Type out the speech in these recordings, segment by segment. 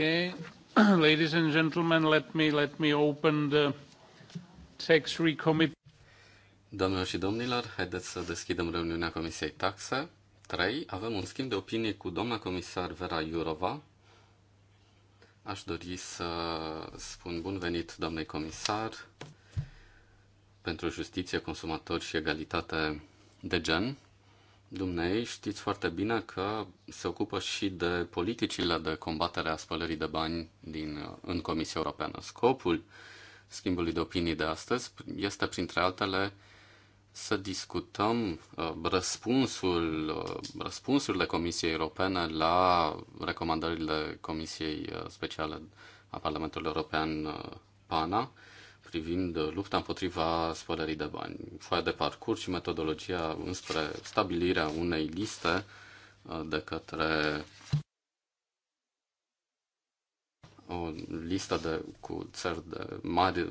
Ladies and gentlemen, let me, let me open the tax Doamnelor și domnilor, haideți să deschidem reuniunea Comisiei Taxe. 3. Avem un schimb de opinie cu doamna comisar Vera Iurova. Aș dori să spun bun venit doamnei comisar pentru justiție, consumatori și egalitate de gen. Dumnezeu știți foarte bine că se ocupă și de politicile de combatere a spălării de bani din, în Comisia Europeană. Scopul schimbului de opinii de astăzi este, printre altele, să discutăm uh, răspunsul, uh, răspunsurile Comisiei Europene la recomandările Comisiei uh, Speciale a Parlamentului European PANA privind lupta împotriva spălării de bani, foaia de parcurs și metodologia înspre stabilirea unei liste uh, de către o listă de, cu țări de mare,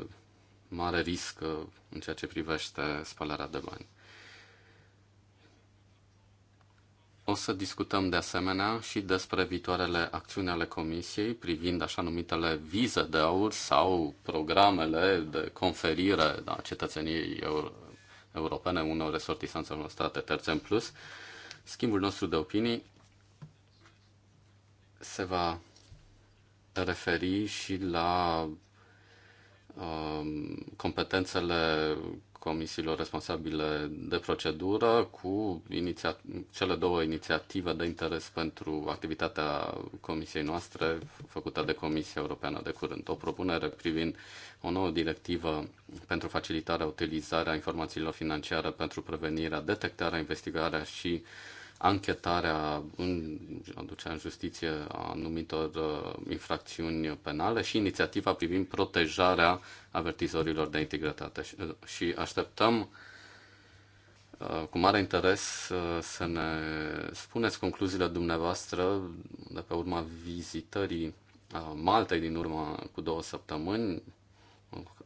mare risc uh, în ceea ce privește spălarea de bani. O să discutăm de asemenea și despre viitoarele acțiuni ale Comisiei privind așa numitele vize de aur sau programele de conferire a da, cetățeniei euro- europene unor resortisanțe unor state terțe în plus. Schimbul nostru de opinii se va referi și la um, competențele comisiilor responsabile de procedură cu cele două inițiative de interes pentru activitatea comisiei noastre făcută de Comisia Europeană de curând. O propunere privind o nouă directivă pentru facilitarea utilizarea informațiilor financiare pentru prevenirea, detectarea, investigarea și uh, anchetarea, în, aducea în justiție a anumitor uh, infracțiuni penale și inițiativa privind protejarea avertizorilor de integritate. Și, uh, și așteptăm uh, cu mare interes uh, să ne spuneți concluziile dumneavoastră de pe urma vizitării Maltei din urmă cu două săptămâni,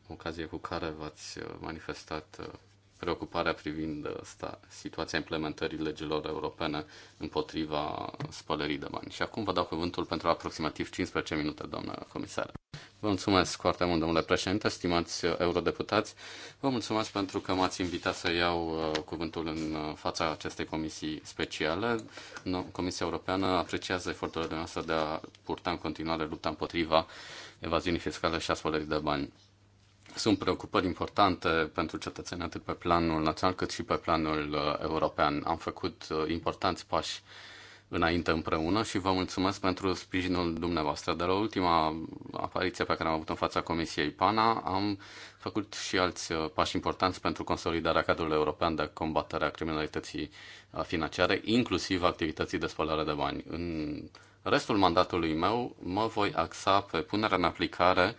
ocazie cu care v-ați manifestat preocuparea privind uh, sta, situația implementării legilor europene împotriva spălării de bani. Și acum vă dau cuvântul pentru aproximativ 15 minute, doamnă Comisar. Vă mulțumesc foarte mult, domnule președinte, stimați uh, eurodeputați. Vă mulțumesc pentru că m-ați invitat să iau uh, cuvântul în fața acestei comisii speciale. Comisia Europeană apreciază eforturile noastre de a purta în continuare lupta împotriva evaziunii fiscale și a spălării de bani. Sunt preocupări importante pentru cetățenii atât pe planul național cât și pe planul uh, european. Am făcut uh, importanți pași înainte împreună și vă mulțumesc pentru sprijinul dumneavoastră. De la ultima apariție pe care am avut în fața Comisiei PANA, am făcut și alți uh, pași importanți pentru consolidarea cadrului european de combatere a criminalității financiare, inclusiv activității de spălare de bani. În restul mandatului meu mă voi axa pe punerea în aplicare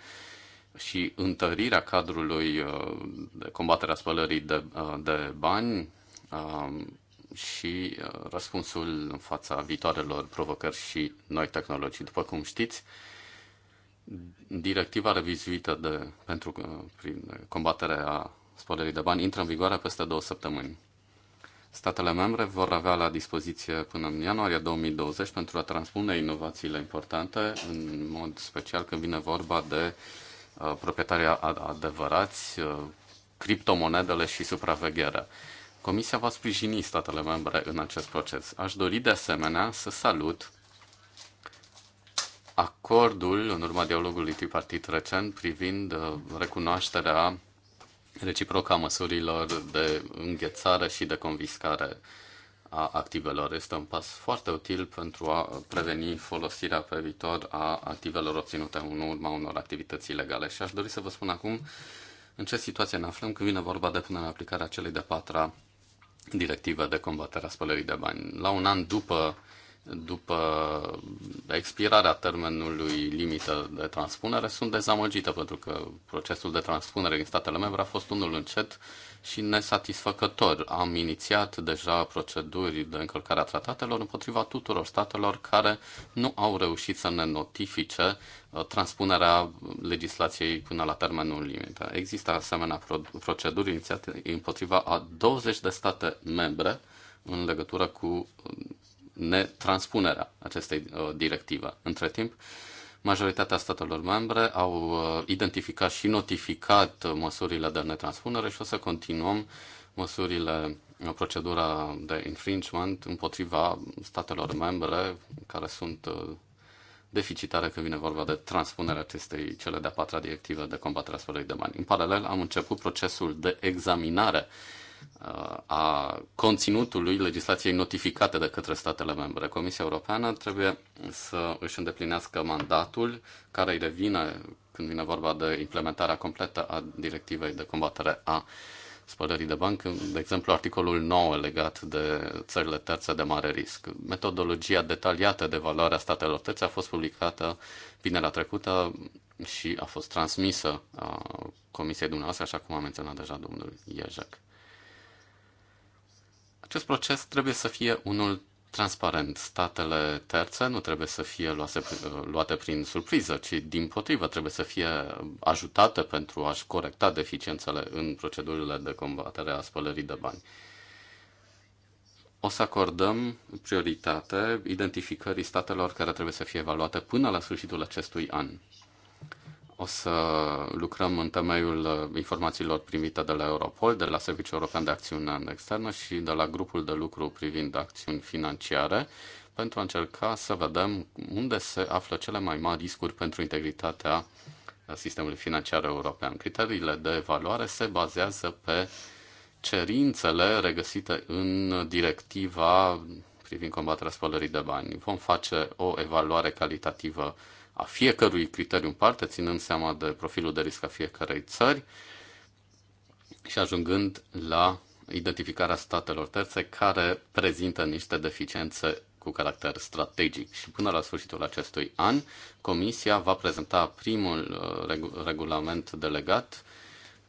și întărirea cadrului uh, de combatere a spălării de, uh, de bani um, și uh, răspunsul în fața viitoarelor provocări și noi tehnologii. După cum știți, directiva revizuită de, pentru prin combaterea spălării de bani intră în vigoare peste două săptămâni. Statele membre vor avea la dispoziție până în ianuarie 2020 pentru a transpune inovațiile importante, în mod special când vine vorba de uh, Uh, proprietarii adevărați, uh, criptomonedele și supravegherea. Comisia va sprijini statele membre în acest proces. Aș dori de asemenea să salut acordul în urma dialogului tripartit recent privind uh, recunoașterea reciprocă a măsurilor de înghețare și de confiscare a activelor. Este un pas foarte util pentru a preveni folosirea pe viitor a activelor obținute în urma unor activități ilegale. Și aș dori să vă spun acum în ce situație ne aflăm când vine vorba de punerea în aplicare a celei de patra directive de combatere a spălării de bani. La un an după după expirarea termenului limită de transpunere, sunt dezamăgită pentru că procesul de transpunere din statele membre a fost unul încet și nesatisfăcător. Am inițiat deja proceduri de încălcare a tratatelor împotriva tuturor statelor care nu au reușit să ne notifice uh, transpunerea legislației până la termenul limită. Există asemenea proceduri inițiate împotriva a 20 de state membre în legătură cu uh, netranspunerea acestei uh, directive. Între timp, Majoritatea statelor membre au uh, identificat și notificat măsurile de netranspunere și o să continuăm măsurile, uh, procedura de infringement împotriva statelor membre care sunt uh, deficitare când vine vorba de transpunerea acestei cele de-a patra directive de combatere a spălării de bani. În paralel, am început procesul de examinare a conținutului legislației notificate de către statele membre. Comisia Europeană trebuie să își îndeplinească mandatul care îi revine când vine vorba de implementarea completă a directivei de combatere a spălării de bani, de exemplu articolul 9 legat de țările terțe de mare risc. Metodologia detaliată de valoare a statelor terțe a fost publicată vinerea trecută și a fost transmisă a uh, Comisiei dumneavoastră, așa cum a menționat deja domnul Iejec. Acest proces trebuie să fie unul transparent. Statele terțe nu trebuie să fie luase, luate prin surpriză, ci din potrivă trebuie să fie ajutate pentru a-și corecta deficiențele în procedurile de combatere a spălării de bani. O să acordăm prioritate identificării statelor care trebuie să fie evaluate până la sfârșitul acestui an o să lucrăm în temeiul uh, informațiilor primite de la Europol, de la Serviciul European de Acțiune Externă și de la grupul de lucru privind acțiuni financiare pentru a încerca să vedem unde se află cele mai mari riscuri pentru integritatea uh, sistemului financiar european. Criteriile de evaluare se bazează pe cerințele regăsite în directiva privind combaterea spălării de bani. Vom face o evaluare calitativă a fiecărui criteriu în parte, ținând seama de profilul de risc a fiecarei țări și ajungând la identificarea statelor terțe care prezintă niște deficiențe cu caracter strategic. Și până la sfârșitul acestui an, Comisia va prezenta primul uh, regulament delegat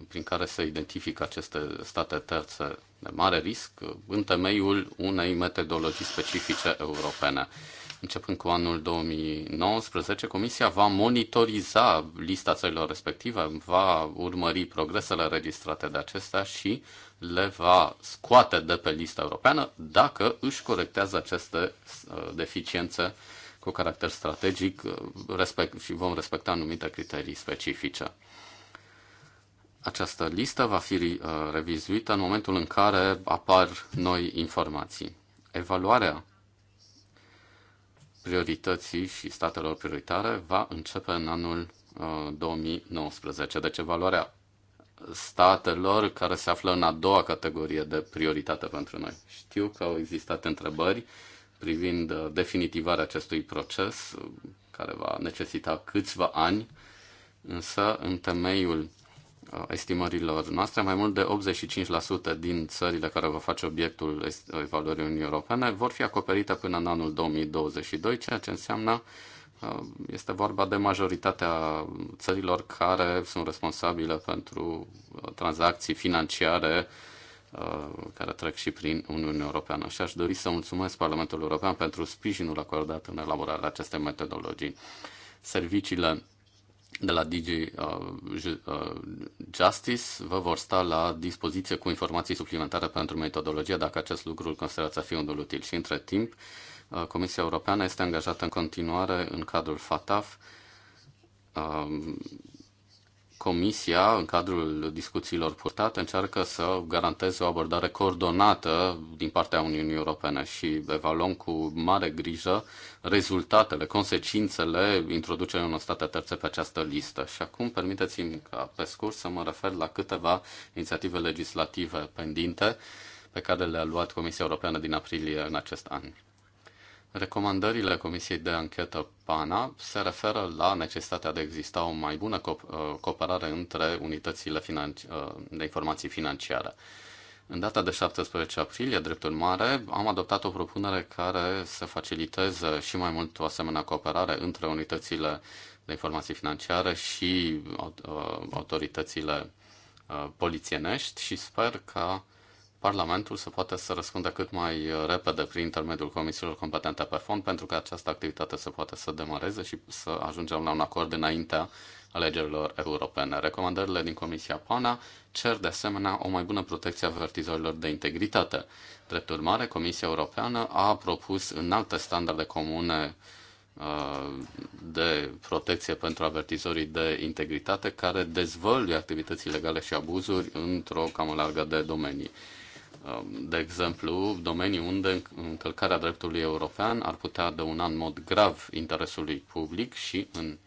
prin care se identifică aceste state terțe de mare risc în temeiul unei metodologii specifice europene începând cu anul 2019, Comisia va monitoriza lista țărilor respective, va urmări progresele registrate de acestea și le va scoate de pe lista europeană dacă își corectează aceste uh, deficiențe cu caracter strategic uh, respect, și vom respecta anumite criterii specifice. Această listă va fi uh, revizuită în momentul în care apar noi informații. Evaluarea priorității și statelor prioritare va începe în anul 2019. Uh, deci evaluarea statelor care se află în a doua categorie de prioritate pentru noi. Știu că au existat întrebări privind uh, definitivarea acestui proces, uh, care va necesita câțiva ani, însă în temeiul Uh, estimărilor noastre, mai mult de 85% din țările care vor face obiectul evaluării Uniunii Europene vor fi acoperite până în anul 2022, ceea ce înseamnă uh, este vorba de majoritatea țărilor care sunt responsabile pentru uh, tranzacții financiare care trec și prin Uniunea Europeană. Și aș dori să mulțumesc Parlamentul European pentru sprijinul acordat în elaborarea acestei metodologii. Serviciile de la uh, uh, Justice vă vor sta la dispoziție cu informații suplimentare pentru metodologie dacă acest lucru îl considerați a fi unul util. Și între timp, uh, Comisia Europeană este angajată în continuare în cadrul FATAF Comisia, în cadrul discuțiilor purtate, încearcă să garanteze o abordare coordonată din partea Uniunii Europene și evaluăm cu mare grijă rezultatele, consecințele introducerii unor state terțe pe această listă. Și acum permiteți-mi ca pe scurt să mă refer la câteva inițiative legislative pendinte pe care le-a luat Comisia Europeană din aprilie în acest an. Recomandările Comisiei de Anchetă PANA se referă la necesitatea de a exista o mai bună uh, cooperare între unitățile uh, de informații financiare. În data de 17 aprilie, drept urmare, am adoptat o propunere care să faciliteze și mai mult o asemenea cooperare între unitățile de informații financiare și uh, autoritățile polițienești și sper ca Parlamentul să poată să răspundă cât mai uh, repede prin intermediul comisiilor competente pe fond pentru că această activitate să poată să demareze și să ajungem la un acord înaintea alegerilor europene. Recomandările din Comisia PANA cer de asemenea o mai bună protecție a avertizorilor de integritate. Drept urmare, Comisia Europeană a propus în alte standarde comune uh, de protecție pentru avertizorii de integritate care dezvăluie activități ilegale și abuzuri într-o cam largă de domenii. Um, de exemplu, domenii unde încălcarea dreptului european ar putea dăuna în mod grav interesului public și în,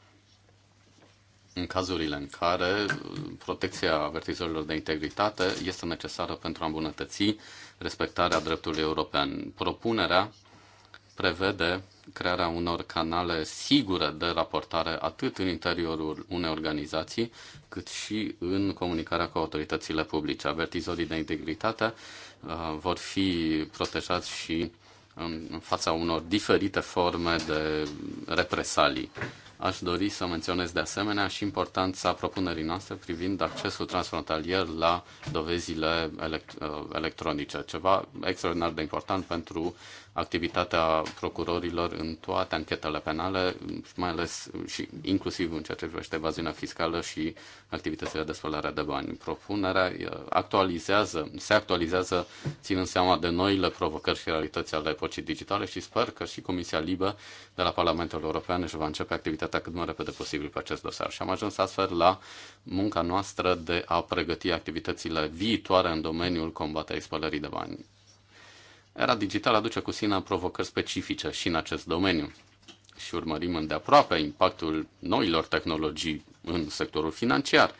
în cazurile în care uh, protecția avertizorilor de integritate este necesară pentru a îmbunătăți respectarea dreptului european. Propunerea prevede crearea unor canale sigure de raportare atât în interiorul unei organizații, cât și în comunicarea cu autoritățile publice. Avertizorii de integritate Uh, vor fi protejați și în fața unor diferite forme de represalii. Aș dori să menționez de asemenea și importanța propunerii noastre privind accesul transfrontalier la dovezile elect- uh, electronice, ceva extraordinar de important pentru activitatea procurorilor în toate anchetele penale, mai ales și inclusiv în ceea ce privește evaziunea fiscală și activitățile de spălare de bani. Propunerea uh, actualizează, se actualizează ținând seama de noile provocări și realități ale epocii digitale și sper că și Comisia Libă de la Parlamentul European își va începe activitatea cât mai repede posibil pe acest dosar. Și am ajuns astfel la munca noastră de a pregăti activitățile viitoare în domeniul combaterii spălării de bani. Era digitală aduce cu sine provocări specifice și în acest domeniu și urmărim îndeaproape impactul noilor tehnologii în sectorul financiar.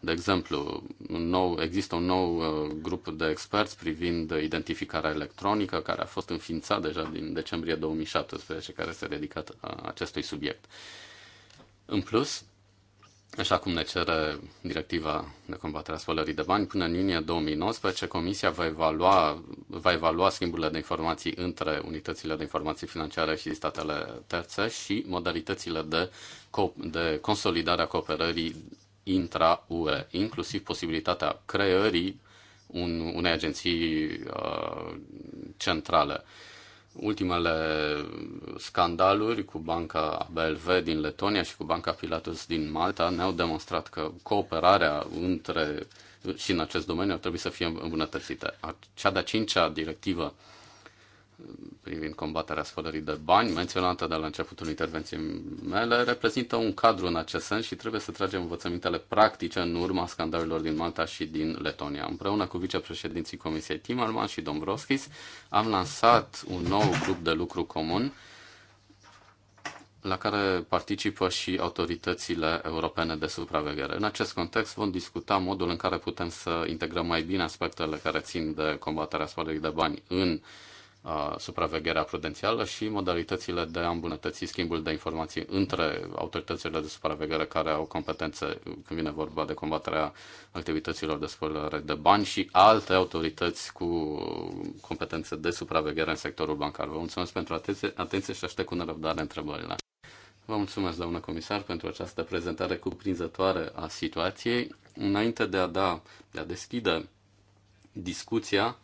De exemplu, un nou, există un nou uh, grup de experți privind identificarea electronică care a fost înființat deja din decembrie 2017 care se dedică acestui subiect. În plus, Așa cum ne cere directiva de combatere a spălării de bani, până în iunie 2019 Comisia va evalua, va evalua schimburile de informații între unitățile de informații financiare și statele terțe și modalitățile de, de consolidare a cooperării intra-UE, inclusiv posibilitatea creării un, unei agenții uh, centrale. Uh, ultimele scandaluri cu banca BLV din Letonia și cu banca Pilatus din Malta ne-au demonstrat că cooperarea între și în acest domeniu ar trebui să fie îmbunătățită. Cea de-a cincea directivă privind combaterea spălării de bani, menționată de la începutul intervenției mele, reprezintă un cadru în acest sens și trebuie să tragem învățămintele practice în urma scandalurilor din Malta și din Letonia. Împreună cu vicepreședinții Comisiei Timmerman și Dombrovskis am lansat un nou grup de lucru comun la care participă și autoritățile europene de supraveghere. În acest context vom discuta modul în care putem să integrăm mai bine aspectele care țin de combaterea spălării de bani în uh, supravegherea prudențială și modalitățile de a îmbunătăți schimbul de informații între autoritățile de supraveghere care au competențe când vine vorba de combaterea activităților de spălare de bani și alte autorități cu competențe de supraveghere în sectorul bancar. Vă mulțumesc pentru atenție, atenție și aștept cu nerăbdare întrebările. Vă mulțumesc, doamnă comisar, pentru această prezentare cuprinzătoare a situației. Înainte de a da, de a deschide discuția,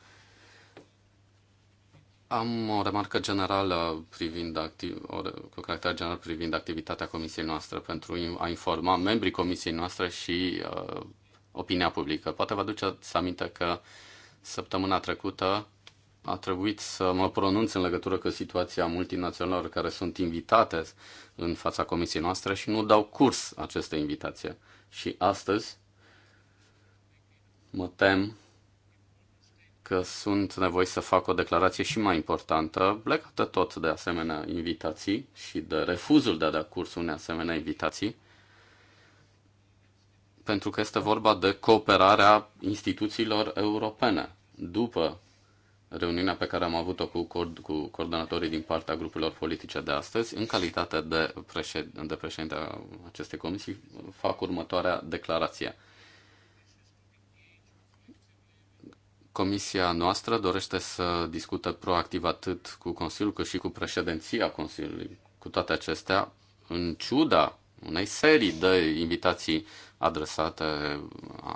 am o remarcă generală privind activ, o, cu caracter general privind activitatea comisiei noastre pentru a informa membrii comisiei noastre și uh, opinia publică. Poate vă aduceți aminte că săptămâna trecută a trebuit să mă pronunț în legătură cu situația multinațională care sunt invitate în fața comisiei noastre și nu dau curs aceste invitații. Și astăzi mă tem că sunt nevoi să fac o declarație și mai importantă, legată tot de asemenea invitații și de refuzul de a da curs unei asemenea invitații, pentru că este vorba de cooperarea instituțiilor europene. După reuniunea pe care am avut-o cu, coord- cu coordonatorii din partea grupurilor politice de astăzi, în calitate de, președ- de președinte a acestei comisii, fac următoarea declarație. Comisia noastră dorește să discute proactiv atât cu Consiliul cât și cu președinția Consiliului. Cu toate acestea, în ciuda unei serii de invitații adresate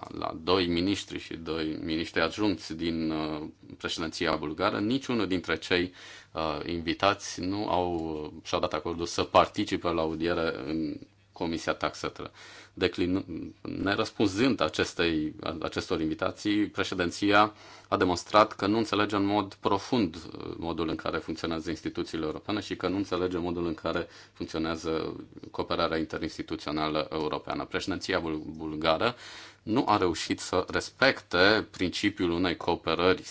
la doi miniștri și doi miniștri adjuncți din uh, președinția bulgară, niciunul dintre cei uh, invitați nu au uh, și-au dat acordul să participe la audiere în Comisia Taxetelor. Declin, nerăspunzând acestei, acestor invitații, președinția a demonstrat că nu înțelege în mod profund uh, modul în care funcționează instituțiile europene și că nu înțelege modul în care funcționează cooperarea interinstituțională europeană. Președinția bulgară nu a reușit să respecte principiul unei cooperări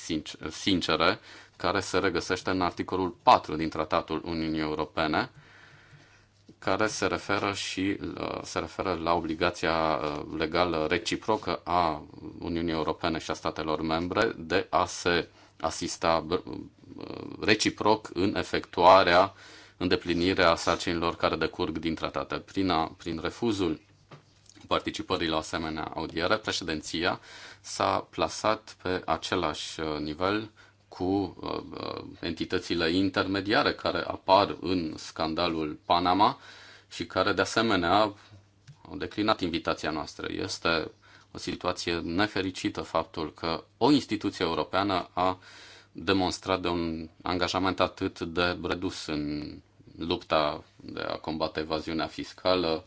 sincere care se regăsește în articolul 4 din Tratatul Uniunii Europene, care se referă și uh, se referă la obligația uh, legală reciprocă a Uniunii Europene și a statelor membre de a se asista uh, reciproc în efectuarea, îndeplinirea sarcinilor care decurg din tratate. Prin, a, prin refuzul participării la asemenea audiere, președinția s-a plasat pe același nivel cu uh, uh, entitățile intermediare care apar în scandalul Panama și care de asemenea au declinat invitația noastră. Este o situație nefericită faptul că o instituție europeană a demonstrat de un angajament atât de redus în lupta de a combate evaziunea fiscală,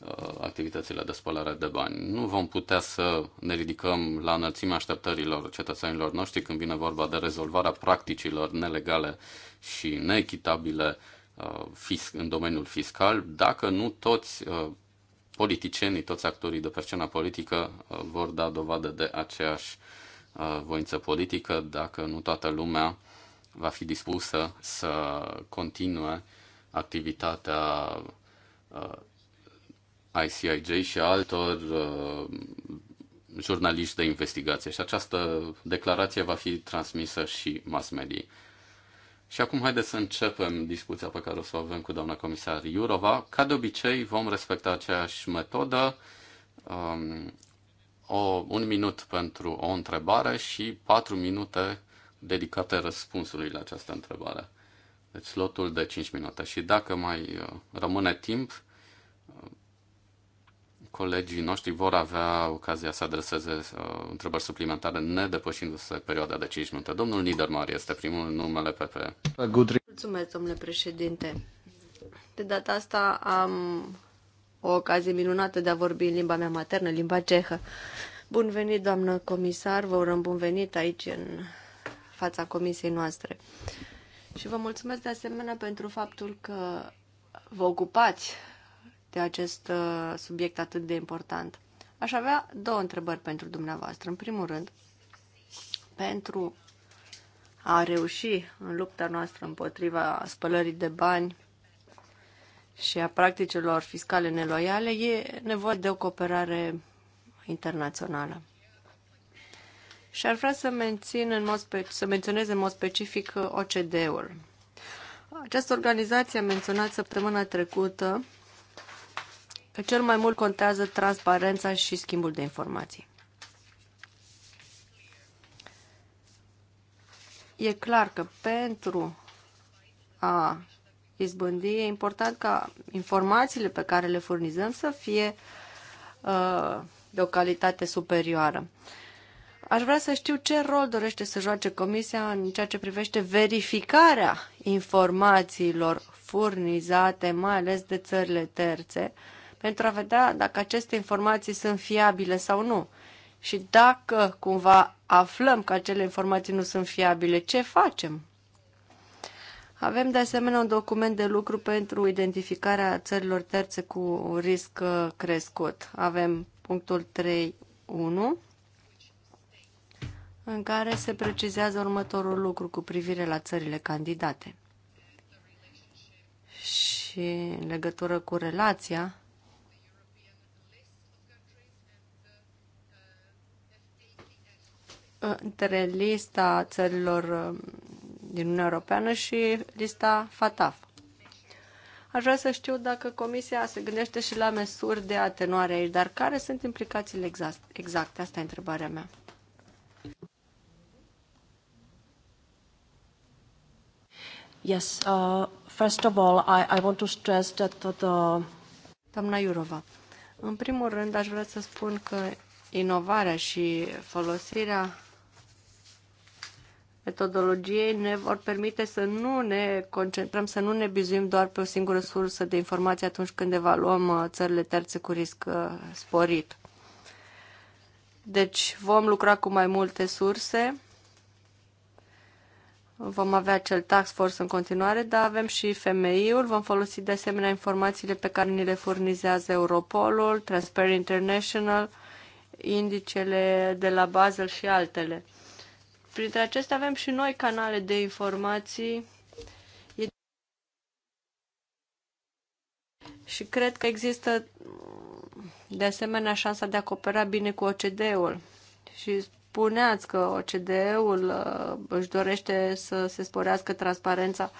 Uh, activitățile de spălare de bani. Nu vom putea să ne ridicăm la înălțimea așteptărilor cetățenilor noștri când vine vorba de rezolvarea practicilor nelegale și neechitabile uh, în domeniul fiscal, dacă nu toți uh, politicienii, toți actorii de pe scena politică vor da dovadă de aceeași voință politică, dacă nu toată lumea va fi dispusă să continue activitatea ICIJ și altor uh, jurnaliști de investigație și această declarație va fi transmisă și mass media. Și acum haideți să începem discuția pe care o să o avem cu doamna comisar Iurova. Ca de obicei vom respecta aceeași metodă, um, o, un minut pentru o întrebare și patru minute dedicate răspunsului la această întrebare. Deci slotul de 5 minute. Și dacă mai uh, rămâne timp, colegii noștri vor avea ocazia să adreseze uh, întrebări suplimentare, nedepășindu-se perioada de 5 minute. Domnul Niedermar este primul numele PP. Mulțumesc, domnule președinte. De data asta am o ocazie minunată de a vorbi în limba mea maternă, limba cehă. Bun venit, doamnă comisar, vă urăm bun venit aici în fața comisiei noastre. Și vă mulțumesc de asemenea pentru faptul că vă ocupați de acest uh, subiect atât de important. Aș avea două întrebări pentru dumneavoastră. În primul rând, pentru a reuși în lupta noastră împotriva spălării de bani și a practicilor fiscale neloiale, e nevoie de o cooperare internațională. Și ar vrea să, mențin în mod spe- să menționez în mod specific ocd ul Această organizație a menționat săptămâna trecută cel mai mult contează transparența și schimbul de informații. E clar că pentru a izbândi e important ca informațiile pe care le furnizăm să fie uh, de o calitate superioară. Aș vrea să știu ce rol dorește să joace Comisia în ceea ce privește verificarea informațiilor furnizate, mai ales de țările terțe, uh, pentru a vedea dacă aceste informații sunt fiabile sau nu. Și dacă cumva aflăm că acele informații nu sunt fiabile, ce facem? Avem de asemenea un document de lucru pentru identificarea țărilor terțe cu risc uh, crescut. Avem punctul 3.1 în care se precizează următorul lucru cu privire la țările candidate și în legătură cu relația între lista țărilor um, din Uniunea Europeană și lista FATAF. Aș vrea să știu dacă Comisia se gândește și la măsuri de atenuare aici, dar care sunt implicațiile exact, exacte? Asta e întrebarea mea. Yes, uh, first of all, I, I want to stress that the... Doamna Iurova, în primul rând aș vrea să spun că inovarea și folosirea metodologiei ne vor permite să nu ne concentrăm, să nu ne bizuim doar pe o singură sursă de informații atunci când evaluăm uh, țările terțe cu risc uh, sporit. Deci vom lucra cu mai multe surse, vom avea acel tax force în continuare, dar avem și FMI-ul, vom folosi de asemenea informațiile pe care ni le furnizează Europolul, Transparent International, indicele de la Basel și altele. Printre acestea avem și noi canale de informații și cred că există de asemenea șansa de a coopera bine cu ocd ul Și spuneați că ocd ul uh, își dorește să se sporească transparența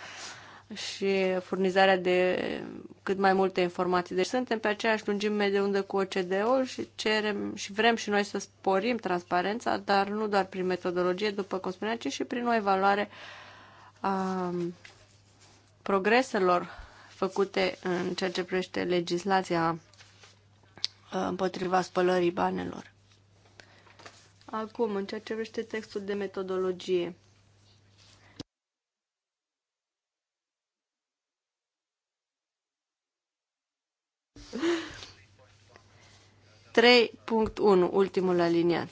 și furnizarea de cât mai multe informații. Deci suntem pe aceeași lungime de undă cu OCDE-ul și cerem și vrem și noi să sporim transparența, dar nu doar prin metodologie, după cum spuneam, ci și prin o evaluare a progreselor făcute în ceea ce privește legislația uh, împotriva spălării banelor. Acum, în ceea ce privește textul de metodologie, 3.1, ultimul aliniat.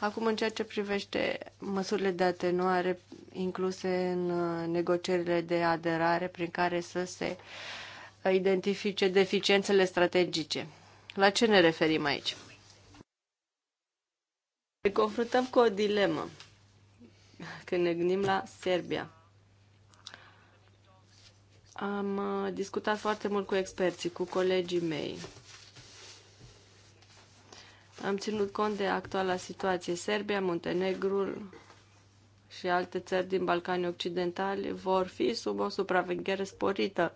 Acum, în ceea ce privește măsurile de atenuare incluse în uh, negocierile de aderare prin care să se uh, identifice deficiențele strategice. La ce ne referim aici? Ne confruntăm cu o dilemă când ne gândim la Serbia. Am uh, discutat foarte mult cu experții, cu colegii mei. Am ținut cont de actuala situație. Serbia, Muntenegrul și alte țări din Balcanii Occidentali vor fi sub o supraveghere sporită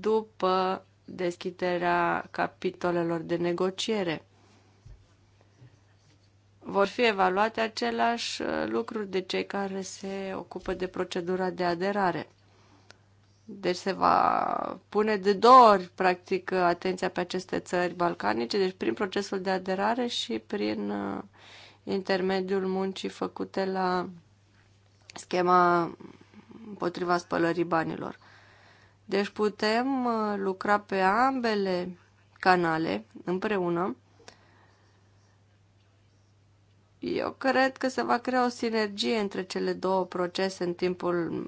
după deschiderea capitolelor de negociere. Vor fi evaluate același uh, lucruri de cei care se ocupă de procedura de aderare. Deci se va pune de două ori, practic, atenția pe aceste țări balcanice, deci prin procesul de aderare și prin uh, intermediul muncii făcute la schema împotriva spălării banilor. Deci putem uh, lucra pe ambele canale împreună. Eu cred că se va crea o sinergie între cele două procese în timpul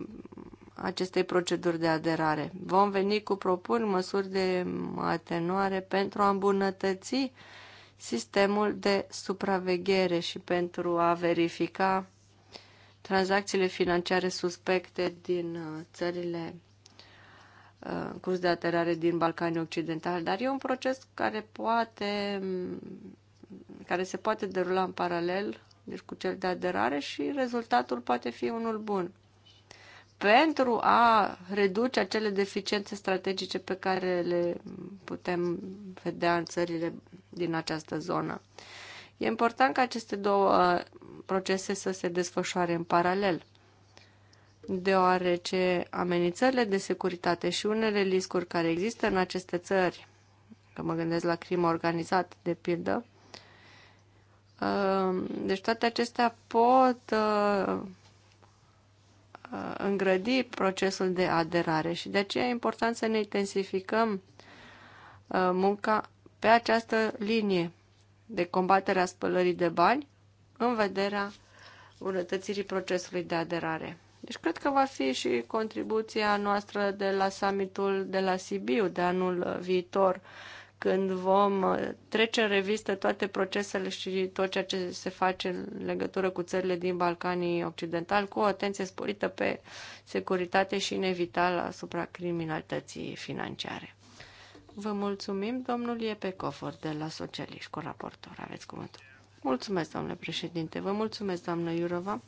acestei proceduri de aderare. Vom veni cu propuni măsuri de atenuare pentru a îmbunătăți sistemul de supraveghere și pentru a verifica tranzacțiile financiare suspecte din uh, țările Uh, curs de aterare din Balcanii Occidentali, dar e un proces care poate mm, care se poate derula în paralel deci cu cel de aderare și rezultatul poate fi unul bun. Pentru a reduce acele deficiențe strategice pe care le putem vedea în țările din această zonă. E important ca aceste două uh, procese să se desfășoare în paralel deoarece amenințările de securitate și unele riscuri care există în aceste țări, că mă gândesc la crimă organizată, de pildă, uh, deci toate acestea pot uh, uh, îngrădi procesul de aderare și de aceea e important să ne intensificăm munca pe această linie de combaterea spălării de bani în vederea bunătățirii procesului de aderare. Deci cred că va fi și contribuția noastră de la summitul de la Sibiu de anul viitor, când vom uh, trece în revistă toate procesele și tot ceea ce se face în legătură cu țările din Balcanii Occidental, cu o atenție sporită pe securitate și inevitabil asupra criminalității financiare. Vă mulțumim, domnul Iepe Cofor, de la Socialiști, cu raportor. Aveți cuvântul. Mulțumesc, domnule președinte. Vă mulțumesc, doamnă Iurova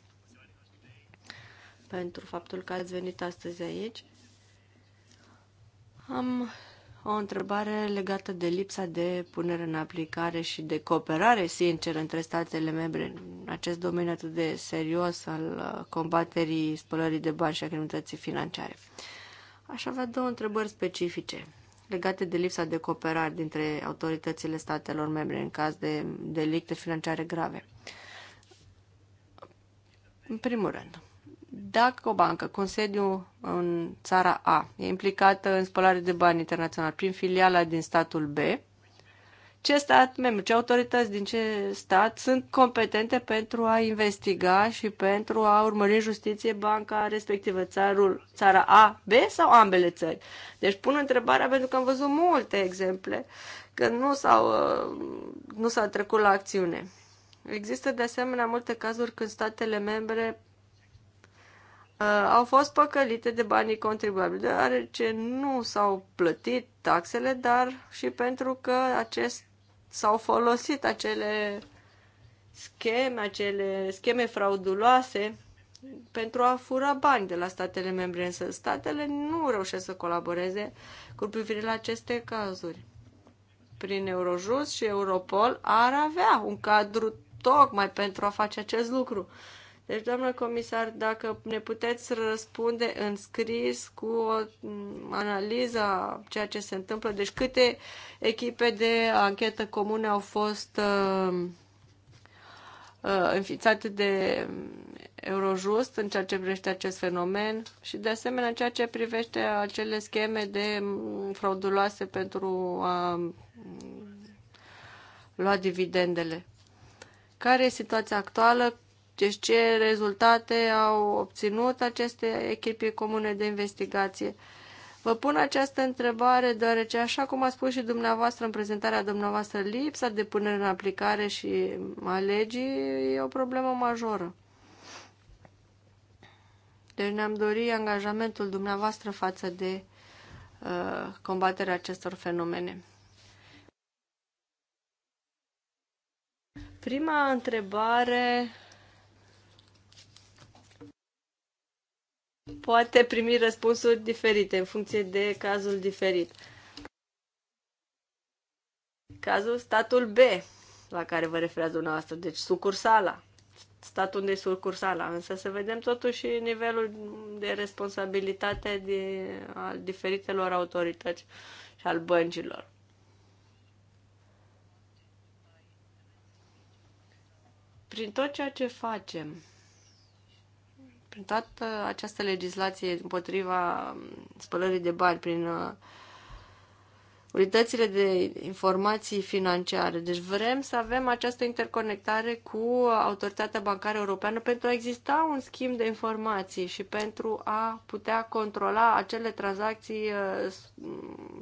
pentru faptul că ați venit astăzi aici. Am o întrebare legată de lipsa de punere în aplicare și de cooperare sinceră între statele membre în acest domeniu atât de serios al uh, combaterii spălării de bani și a criminalității financiare. Aș avea două întrebări specifice legate de lipsa de cooperare dintre autoritățile statelor membre în caz de delicte financiare grave. În primul rând, dacă o bancă cu sediu în țara A e implicată în spălare de bani internațional prin filiala din statul B, ce stat membru, ce autorități din ce stat sunt competente pentru a investiga și pentru a urmări în justiție banca respectivă, țarul, țara A, B sau ambele țări. Deci pun întrebarea pentru că am văzut multe exemple că nu, s-au, uh, nu s au trecut la acțiune. Există de asemenea multe cazuri când statele membre Uh, au fost păcălite de banii contribuabili, deoarece nu s-au plătit taxele, dar și pentru că acest, s-au folosit acele scheme, acele scheme frauduloase pentru a fura bani de la statele membre, însă statele nu reușesc să colaboreze cu privire la aceste cazuri. Prin Eurojust și Europol ar avea un cadru tocmai pentru a face acest lucru. Deci, doamnă comisar, dacă ne puteți răspunde în scris cu o analiză a ceea ce se întâmplă, deci câte echipe de anchetă comune au fost uh, uh, înființate de Eurojust în ceea ce privește acest fenomen și, de asemenea, în ceea ce privește acele scheme de frauduloase pentru a lua dividendele. Care e situația actuală? Deci ce rezultate au obținut aceste echipe comune de investigație? Vă pun această întrebare deoarece, așa cum a spus și dumneavoastră în prezentarea dumneavoastră, lipsa de punere în aplicare și a legii e o problemă majoră. Deci ne-am dorit angajamentul dumneavoastră față de uh, combaterea acestor fenomene. Prima întrebare poate primi răspunsuri diferite în funcție de cazul diferit. Cazul statul B, la care vă referează dumneavoastră, deci sucursala, statul unde e sucursala, însă să vedem totuși nivelul de responsabilitate de, al diferitelor autorități și al băncilor. Prin tot ceea ce facem, Toată uh, această legislație împotriva um, spălării de bani prin uh, unitățile de informații financiare. Deci vrem să avem această interconectare cu Autoritatea Bancară Europeană pentru a exista un schimb de informații și pentru a putea controla acele tranzacții uh,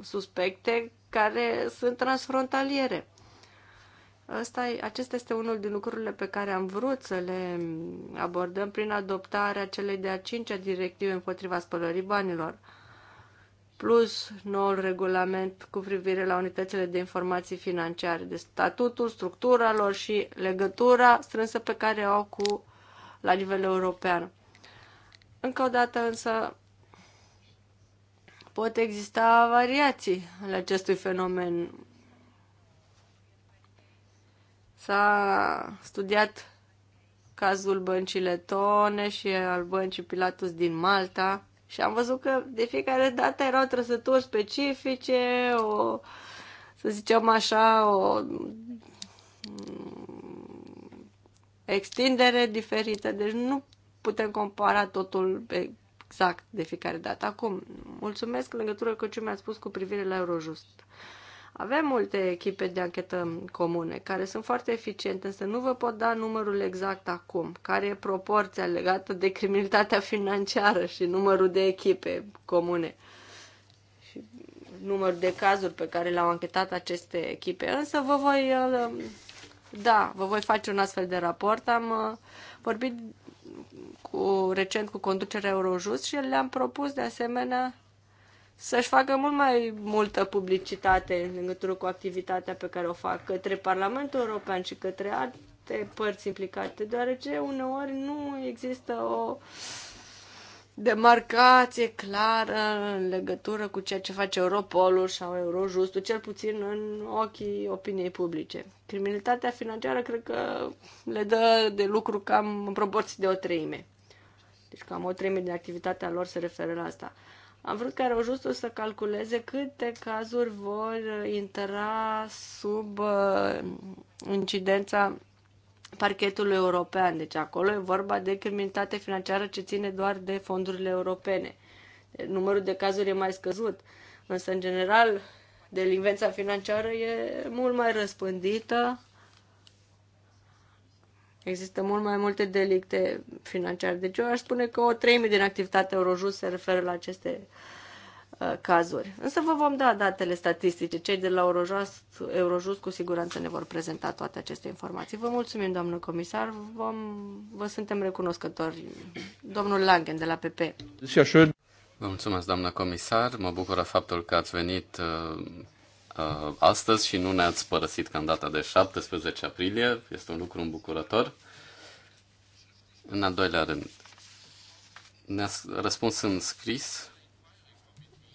suspecte care sunt transfrontaliere. Asta, acesta este unul din lucrurile pe care am vrut să le abordăm prin adoptarea celei de-a cincea directive împotriva spălării banilor, plus noul regulament cu privire la unitățile de informații financiare, de deci, statutul, structura lor și legătura strânsă pe care o au cu la nivel european. Încă o dată însă pot exista variații ale acestui fenomen S-a studiat cazul băncii letone și al băncii Pilatus din Malta și am văzut că de fiecare dată erau trăsături specifice, o, să zicem așa, o mm, extindere diferită, deci nu putem compara totul exact de fiecare dată. Acum, mulțumesc în legătură cu ce mi-a spus cu privire la Eurojust. Avem multe echipe de anchetă comune care sunt foarte eficiente, însă nu vă pot da numărul exact acum, care e proporția legată de criminalitatea financiară și numărul de echipe comune și numărul de cazuri pe care le-au anchetat aceste echipe. Însă vă voi, uh, da, vă voi face un astfel de raport. Am uh, vorbit cu, recent cu conducerea Eurojust și le-am propus de asemenea să-și facă mult mai multă publicitate în legătură cu activitatea pe care o fac către Parlamentul European și către alte părți implicate, deoarece uneori nu există o demarcație clară în legătură cu ceea ce face Europolul sau Eurojustul, cel puțin în ochii opiniei publice. Criminalitatea financiară cred că le dă de lucru cam în proporții de o treime. Deci cam o treime din activitatea lor se referă la asta. Am vrut ca Rojustul să calculeze câte cazuri vor intra sub uh, incidența parchetului european. Deci acolo e vorba de criminalitate financiară ce ține doar de fondurile europene. Deci numărul de cazuri e mai scăzut, însă în general delinvența financiară e mult mai răspândită Există mult mai multe delicte financiare. Deci eu aș spune că o treime din activitatea Eurojust se referă la aceste uh, cazuri. Însă vă vom da datele statistice. Cei de la Eurojust, Eurojust cu siguranță ne vor prezenta toate aceste informații. Vă mulțumim, doamnă comisar. Vom, vă suntem recunoscători. Domnul Langen de la PP. Vă mulțumesc, doamnă comisar. Mă bucură faptul că ați venit uh Uh, astăzi și nu ne-ați părăsit ca în data de 17 aprilie. Este un lucru îmbucurător. În al doilea rând, ne-ați răspuns în scris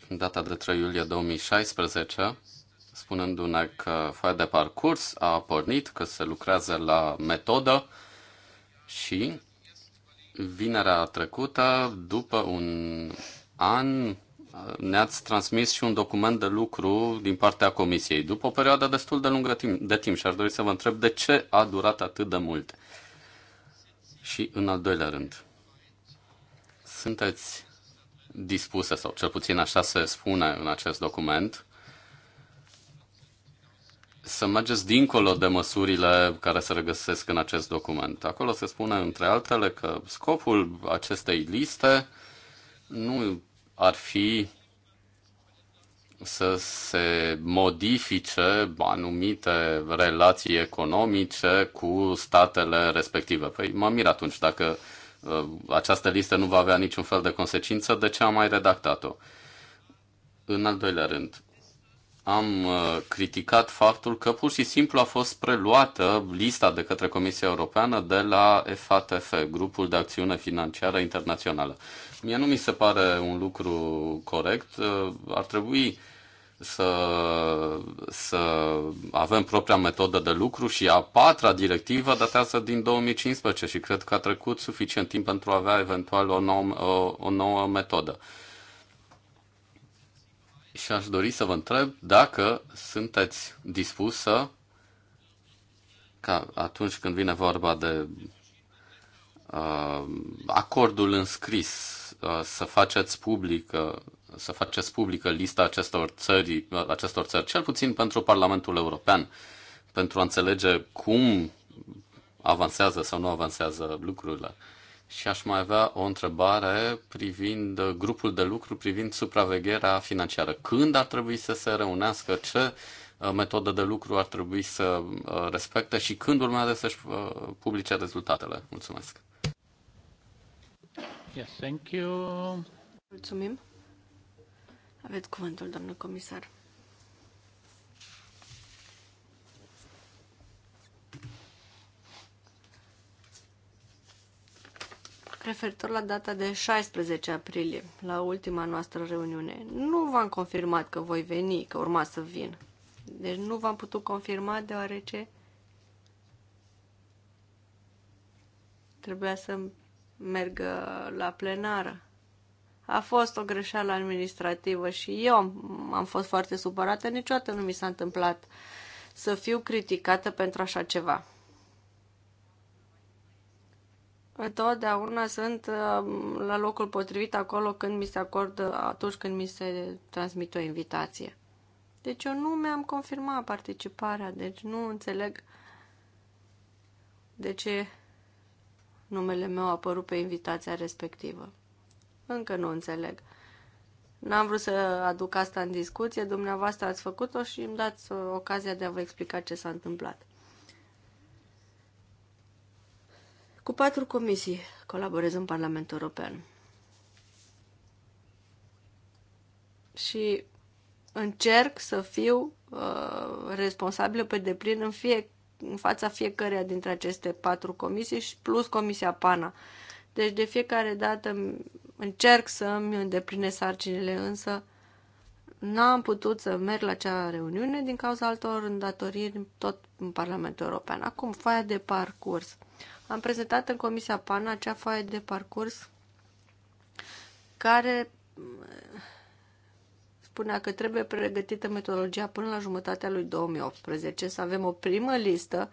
în data de 3 iulie 2016, spunându-ne că foaia de parcurs a pornit, că se lucrează la metodă și vinerea trecută, după un an ne-ați transmis și un document de lucru din partea Comisiei, după o perioadă destul de lungă timp, de timp și aș dori să vă întreb de ce a durat atât de mult. Și în al doilea rând, sunteți dispuse, sau cel puțin așa se spune în acest document, să mergeți dincolo de măsurile care se regăsesc în acest document. Acolo se spune, între altele, că scopul acestei liste nu ar fi să se modifice anumite relații economice cu statele respective. Păi mă mir atunci dacă uh, această listă nu va avea niciun fel de consecință, de ce am mai redactat-o? În al doilea rând, am uh, criticat faptul că pur și simplu a fost preluată lista de către Comisia Europeană de la FATF, Grupul de Acțiune Financiară Internațională. Mie nu mi se pare un lucru corect. Uh, ar trebui să, să avem propria metodă de lucru și a patra directivă datează din 2015 și cred că a trecut suficient timp pentru a avea eventual o nouă, o, o nouă metodă. Și aș dori să vă întreb dacă sunteți dispusă ca atunci când vine vorba de uh, acordul înscris Uh, să faceți publică să faceți publică lista acestor țări, acestor țări, cel puțin pentru Parlamentul European, pentru a înțelege cum avansează sau nu avansează lucrurile. Și aș mai avea o întrebare privind grupul de lucru, privind supravegherea financiară. Când ar trebui să se reunească? Ce uh, metodă de lucru ar trebui să uh, respecte și când urmează să-și publice rezultatele? Mulțumesc! Yes, thank you. Mulțumim. Aveți cuvântul, doamnă comisar. referitor la data de 16 aprilie, la ultima noastră reuniune. Nu v-am confirmat că voi veni, că urma să vin. Deci nu v-am putut confirma deoarece trebuia să merg uh, la plenară. A fost o greșeală administrativă și eu am fost foarte supărată, niciodată nu mi s-a întâmplat să fiu criticată pentru așa ceva. Întotdeauna sunt uh, la locul potrivit acolo când mi se acordă, atunci când mi se transmite o invitație. Deci eu nu mi-am confirmat participarea, deci nu înțeleg de ce numele meu a apărut pe invitația respectivă. Încă nu înțeleg. N-am vrut să aduc asta în discuție, dumneavoastră ați făcut-o și îmi dați ocazia de a vă explica ce s-a întâmplat. Cu patru comisii colaborez în Parlamentul European. Și încerc să fiu uh, responsabilă pe deplin în fiecare în fața fiecăreia dintre aceste patru comisii și plus Comisia PANA. Deci de fiecare dată încerc să îmi îndeplinesc sarcinile, însă n-am putut să merg la acea reuniune din cauza altor îndatoriri tot în Parlamentul European. Acum, foaia de parcurs. Am prezentat în Comisia PANA acea foaie de parcurs care spunea că trebuie pregătită metodologia până la jumătatea lui 2018, să avem o primă listă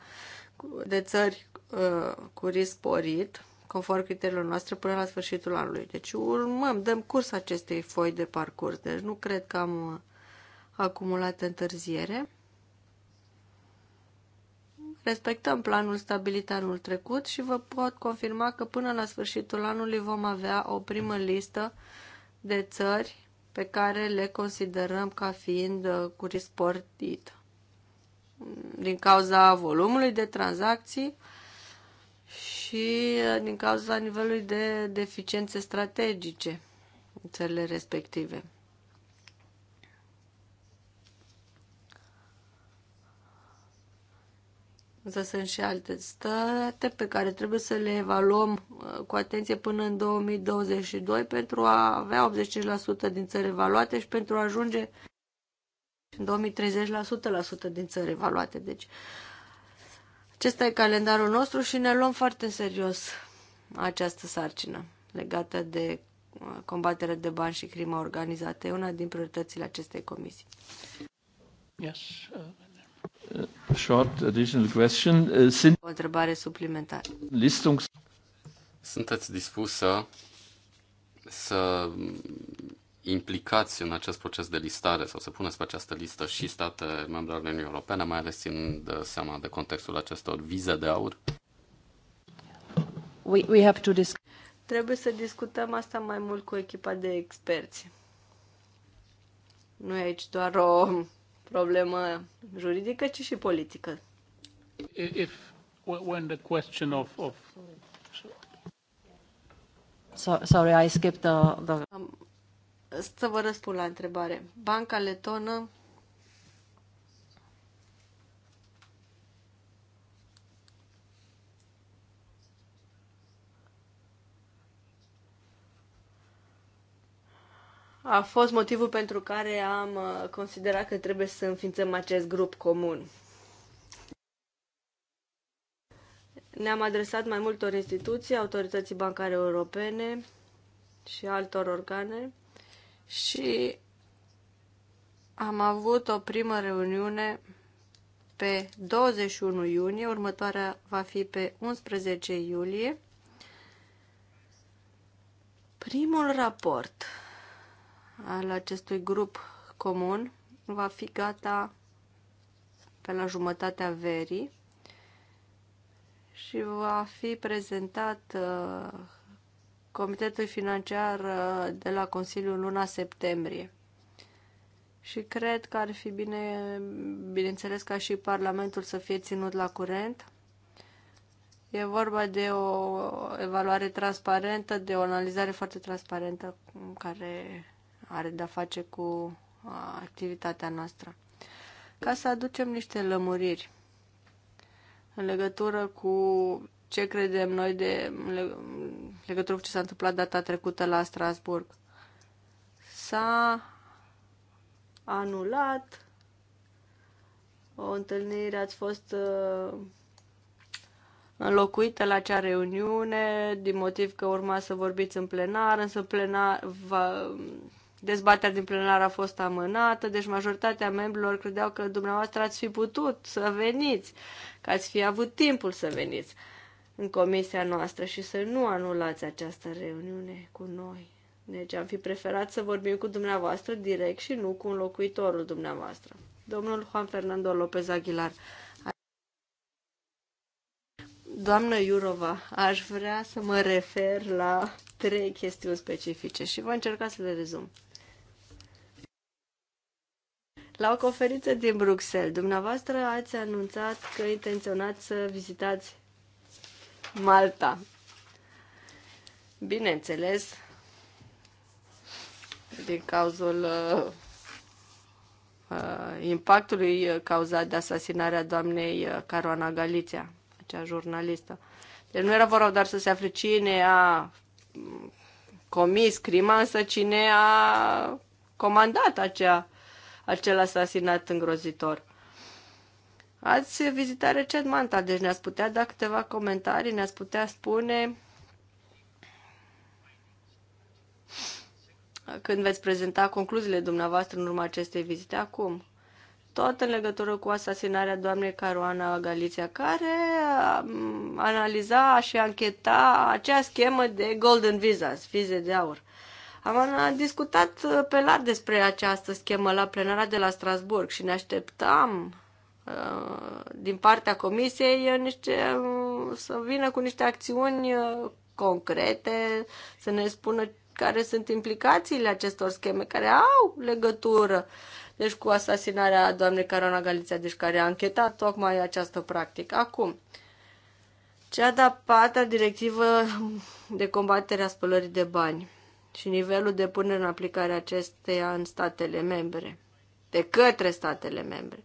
de țări uh, cu risc sporit, conform criteriilor noastre, până la sfârșitul anului. Deci urmăm, dăm curs acestei foi de parcurs. Deci nu cred că am uh, acumulat întârziere. Respectăm planul stabilit anul trecut și vă pot confirma că până la sfârșitul anului vom avea o primă listă de țări pe care le considerăm ca fiind uh, cu risc sportit. Din cauza volumului de tranzacții și uh, din cauza nivelului de deficiențe strategice în țările respective. Însă sunt și alte state pe care trebuie să le evaluăm uh, cu atenție până în 2022 pentru a avea 85% din țări evaluate și pentru a ajunge în 2030 la 100% din țări evaluate. Deci acesta e calendarul nostru și ne luăm foarte în serios această sarcină legată de uh, combaterea de bani și crimă organizată. E una din prioritățile acestei comisii. Yes. Uh... Uh, short additional question. Uh, sunt... O întrebare suplimentară. Listung... Sunteți dispusă să implicați în acest proces de listare sau să puneți pe această listă și state membre ale Uniunii Europene, mai ales ținând seama de contextul acestor vize de aur? We, we have to Trebuie să discutăm asta mai mult cu echipa de experți. Nu e aici doar o problemă juridică, ci și politică. If, when the question of, of... So, sorry, I skipped uh, the, the... Să vă răspund la întrebare. Banca letonă a fost motivul pentru care am uh, considerat că trebuie să înființăm acest grup comun. Ne-am adresat mai multor instituții, autorității bancare europene și altor organe și am avut o primă reuniune pe 21 iunie, următoarea va fi pe 11 iulie. Primul raport al acestui grup comun va fi gata pe la jumătatea verii și va fi prezentat uh, comitetul Financiar uh, de la Consiliul luna septembrie. Și cred că ar fi bine, bineînțeles, ca și Parlamentul să fie ținut la curent. E vorba de o evaluare transparentă, de o analizare foarte transparentă care are de-a face cu uh, activitatea noastră. Ca să aducem niște lămuriri în legătură cu ce credem noi de legătură cu ce s-a întâmplat data trecută la Strasburg. S-a anulat o întâlnire, ați fost uh, înlocuită la acea reuniune din motiv că urma să vorbiți în plenar, însă plenar va, dezbaterea din plenar a fost amânată, deci majoritatea membrilor credeau că dumneavoastră ați fi putut să veniți, că ați fi avut timpul să veniți în comisia noastră și să nu anulați această reuniune cu noi. Deci am fi preferat să vorbim cu dumneavoastră direct și nu cu un locuitorul dumneavoastră. Domnul Juan Fernando López Aguilar. Doamnă Iurova, aș vrea să mă refer la trei chestiuni specifice și voi încerca să le rezum. La o conferință din Bruxelles, dumneavoastră ați anunțat că intenționați să vizitați Malta. Bineînțeles, din cauzul uh, uh, impactului cauzat de asasinarea doamnei uh, Caruana Galiția, acea jurnalistă. Deci nu era vorba doar să se afle cine a mm, comis crima, însă cine a comandat acea acel asasinat îngrozitor. Ați vizitat recent Manta, deci ne-ați putea da câteva comentarii, ne-ați putea spune când veți prezenta concluziile dumneavoastră în urma acestei vizite acum. Tot în legătură cu asasinarea doamnei Caruana Galiția, care analiza și ancheta acea schemă de Golden Visas, vize de aur. Am discutat uh, pe larg despre această schemă la plenara de la Strasburg și ne așteptam uh, din partea comisiei uh, niște, um, să vină cu niște acțiuni concrete, să ne spună care sunt implicațiile acestor scheme care au legătură deci cu asasinarea doamnei Carona Galiția, deci care a închetat tocmai această practică. Acum, cea de-a patra directivă de combatere a spălării de bani și nivelul de punere în aplicare acesteia în statele membre, de către statele membre.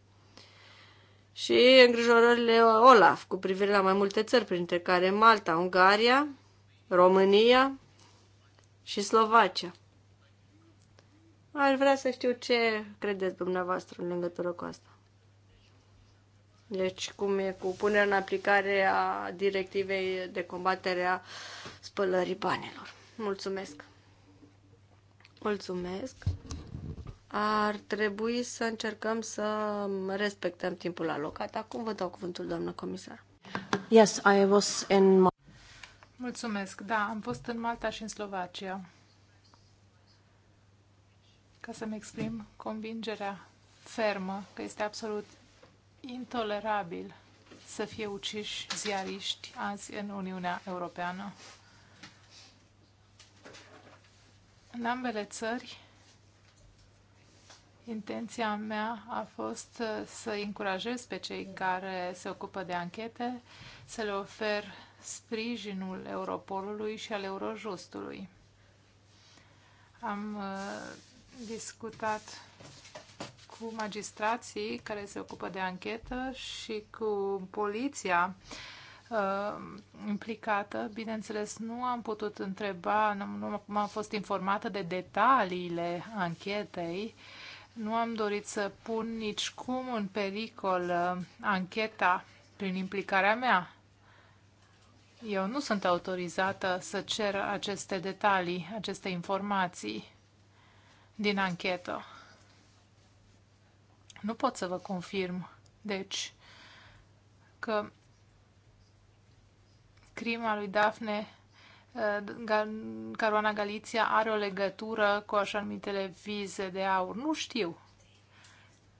Și îngrijorările OLAF cu privire la mai multe țări, printre care Malta, Ungaria, România și Slovacia. Aș vrea să știu ce credeți dumneavoastră în legătură cu asta. Deci cum e cu punerea în aplicare a directivei de combatere a spălării banilor. Mulțumesc! Mulțumesc. Ar trebui să încercăm să respectăm timpul alocat. Acum vă dau cuvântul, doamnă comisar. Yes, I was in... Mulțumesc. Da, am fost în Malta și în Slovacia. Ca să-mi exprim convingerea fermă că este absolut intolerabil să fie uciși ziariști azi în Uniunea Europeană. În ambele țări, intenția mea a fost uh, să încurajez pe cei care se ocupă de anchete să le ofer sprijinul Europolului și al Eurojustului. Am uh, discutat cu magistrații care se ocupă de anchetă și cu poliția uh, implicată. Bineînțeles, nu am putut întreba, nu, nu am fost informată de detaliile anchetei. Nu am dorit să pun nici cum în pericol uh, ancheta prin implicarea mea. Eu nu sunt autorizată să cer aceste detalii, aceste informații din anchetă. Nu pot să vă confirm, deci, că crima lui Dafne uh, Caruana Galiția are o legătură cu așa numitele vize de aur. Nu știu.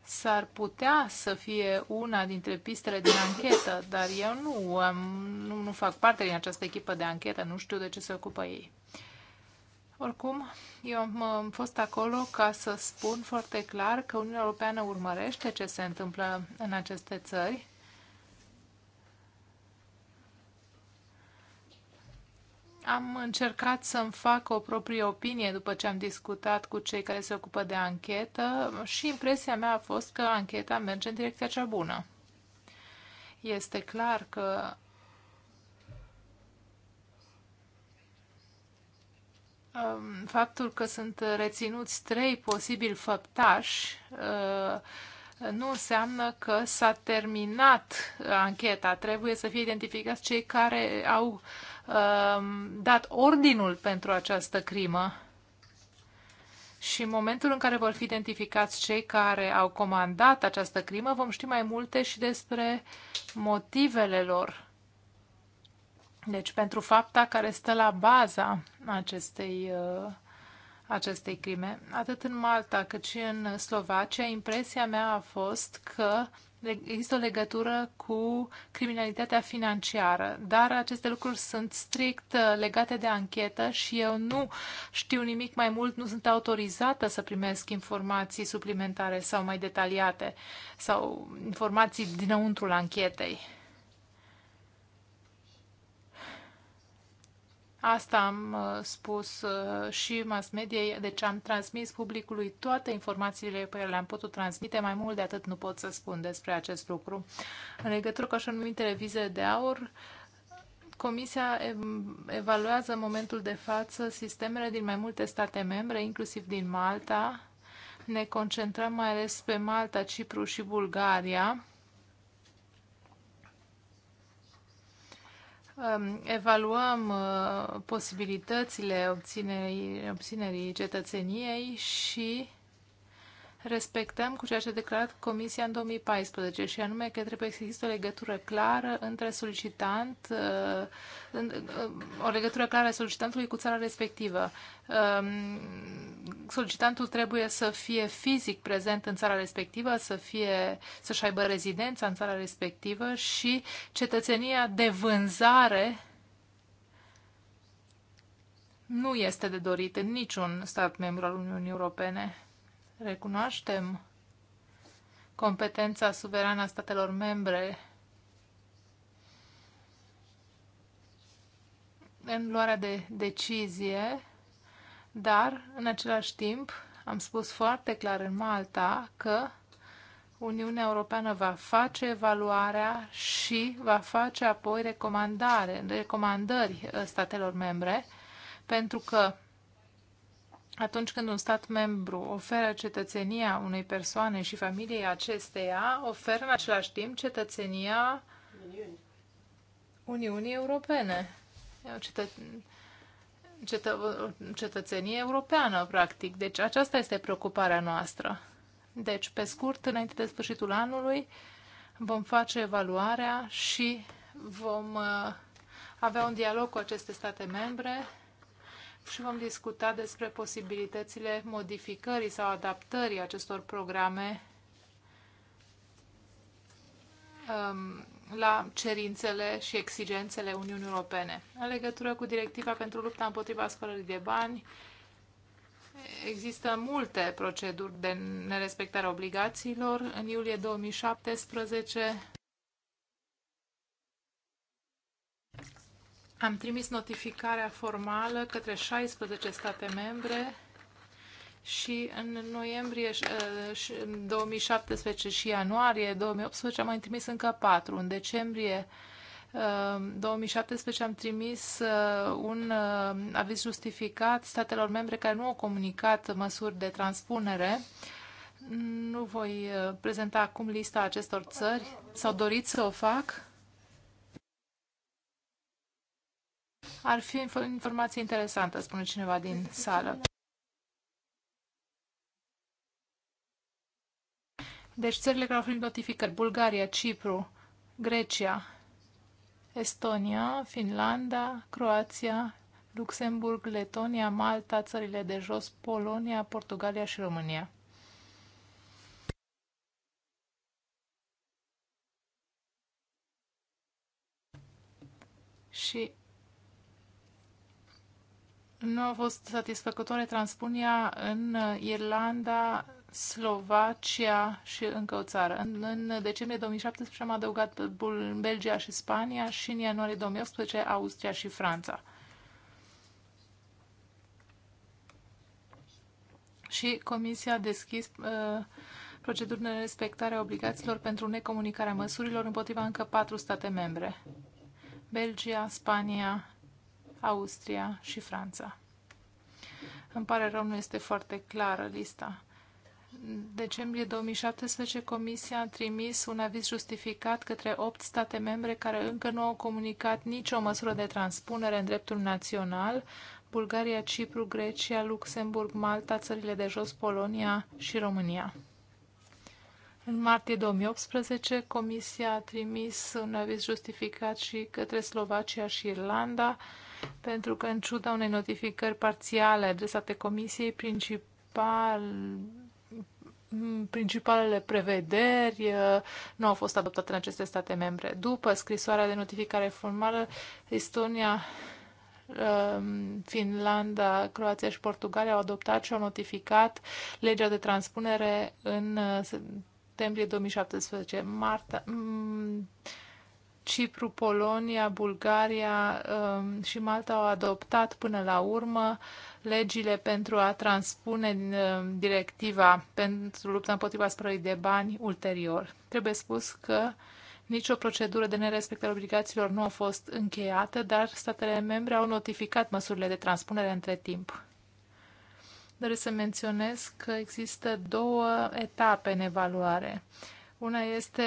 S-ar putea să fie una dintre pistele din anchetă, dar eu nu, am, nu, nu fac parte din această echipă de anchetă, nu știu de ce se ocupă ei. Oricum, eu am fost acolo ca să spun foarte clar că Uniunea Europeană urmărește ce se întâmplă în aceste țări Am încercat să-mi fac o proprie opinie după ce am discutat cu cei care se ocupă de anchetă și impresia mea a fost că ancheta merge în direcția cea bună. Este clar că um, faptul că sunt reținuți trei posibili făptași uh, nu înseamnă că s-a terminat ancheta. Trebuie să fie identificați cei care au Um, dat ordinul pentru această crimă și în momentul în care vor fi identificați cei care au comandat această crimă, vom ști mai multe și despre motivele lor. Deci pentru fapta care stă la baza acestei, uh, acestei crime. Atât în Malta cât și în Slovacia, impresia mea a fost că există o legătură cu criminalitatea financiară, dar aceste lucruri sunt strict uh, legate de anchetă și eu nu știu nimic mai mult, nu sunt autorizată să primesc informații suplimentare sau mai detaliate sau informații dinăuntrul anchetei. Asta am uh, spus uh, și mass mediei, deci am transmis publicului toate informațiile pe care le-am putut transmite. Mai mult de atât nu pot să spun despre acest lucru. În legătură cu așa numitele vize de aur, Comisia evaluează în momentul de față sistemele din mai multe state membre, inclusiv din Malta. Ne concentrăm mai ales pe Malta, Cipru și Bulgaria Um, evaluăm uh, posibilitățile obținerii, obținerii cetățeniei și respectăm cu ceea ce a declarat Comisia în 2014 și anume că trebuie să există o legătură clară între solicitant, uh, uh, o legătură clară a solicitantului cu țara respectivă. Um, solicitantul trebuie să fie fizic prezent în țara respectivă, să fie, să-și aibă rezidența în țara respectivă și cetățenia de vânzare nu este de dorit în niciun stat membru al Uniunii Europene. Recunoaștem competența suverană a statelor membre în luarea de decizie, dar în același timp am spus foarte clar în Malta că Uniunea Europeană va face evaluarea și va face apoi recomandare, recomandări uh, statelor membre, pentru că atunci când un stat membru oferă cetățenia unei persoane și familiei acesteia, oferă în același timp cetățenia Uniunii, Europene. O cetă... Cetă... cetățenie europeană, practic. Deci aceasta este preocuparea noastră. Deci, pe scurt, înainte de sfârșitul anului, vom face evaluarea și vom uh, avea un dialog cu aceste state membre și vom discuta despre posibilitățile modificării sau adaptării acestor programe um, la cerințele și exigențele Uniunii Europene. În legătură cu directiva pentru lupta împotriva spălării de bani, există multe proceduri de nerespectare a obligațiilor. În iulie 2017, Am trimis notificarea formală către 16 state membre și în noiembrie 2017 eh, și ianuarie 2018 am mai trimis încă patru. În decembrie 2017 eh, am trimis eh, un aviz justificat statelor membre care nu au comunicat măsuri de transpunere. Nu voi prezenta acum lista acestor țări sau dorit să o fac. Ar fi o informație interesantă, spune cineva din sală. Deci țările care au primit notificări, Bulgaria, Cipru, Grecia, Estonia, Finlanda, Croația, Luxemburg, Letonia, Malta, țările de jos, Polonia, Portugalia și România. Și nu a fost satisfăcătoare transpunia în Irlanda, Slovacia și încă o țară. În, în decembrie 2017 am adăugat Belgia și Spania și în ianuarie 2018 Austria și Franța. Și Comisia a deschis uh, proceduri de respectare a obligațiilor pentru necomunicarea măsurilor împotriva încă patru state membre. Belgia, Spania, Austria și Franța. Îmi pare rău, nu este foarte clară lista. În decembrie 2017, Comisia a trimis un aviz justificat către 8 state membre care încă nu au comunicat nicio măsură de transpunere în dreptul național, Bulgaria, Cipru, Grecia, Luxemburg, Malta, țările de jos, Polonia și România. În martie 2018, Comisia a trimis un aviz justificat și către Slovacia și Irlanda, pentru că în ciuda unei notificări parțiale adresate comisiei, principal principalele prevederi uh, nu au fost adoptate în aceste state membre. După scrisoarea de notificare formală, Estonia, um, Finlanda, Croația și Portugalia au adoptat și au notificat legea de transpunere în uh, septembrie 2017. Marta, mm, Cipru, Polonia, Bulgaria um, și Malta au adoptat până la urmă legile pentru a transpune um, directiva pentru lupta împotriva spălării de bani ulterior. Trebuie spus că nicio procedură de nerespectare obligațiilor nu a fost încheiată, dar statele membre au notificat măsurile de transpunere între timp. Doresc să menționez că există două etape în evaluare. Una este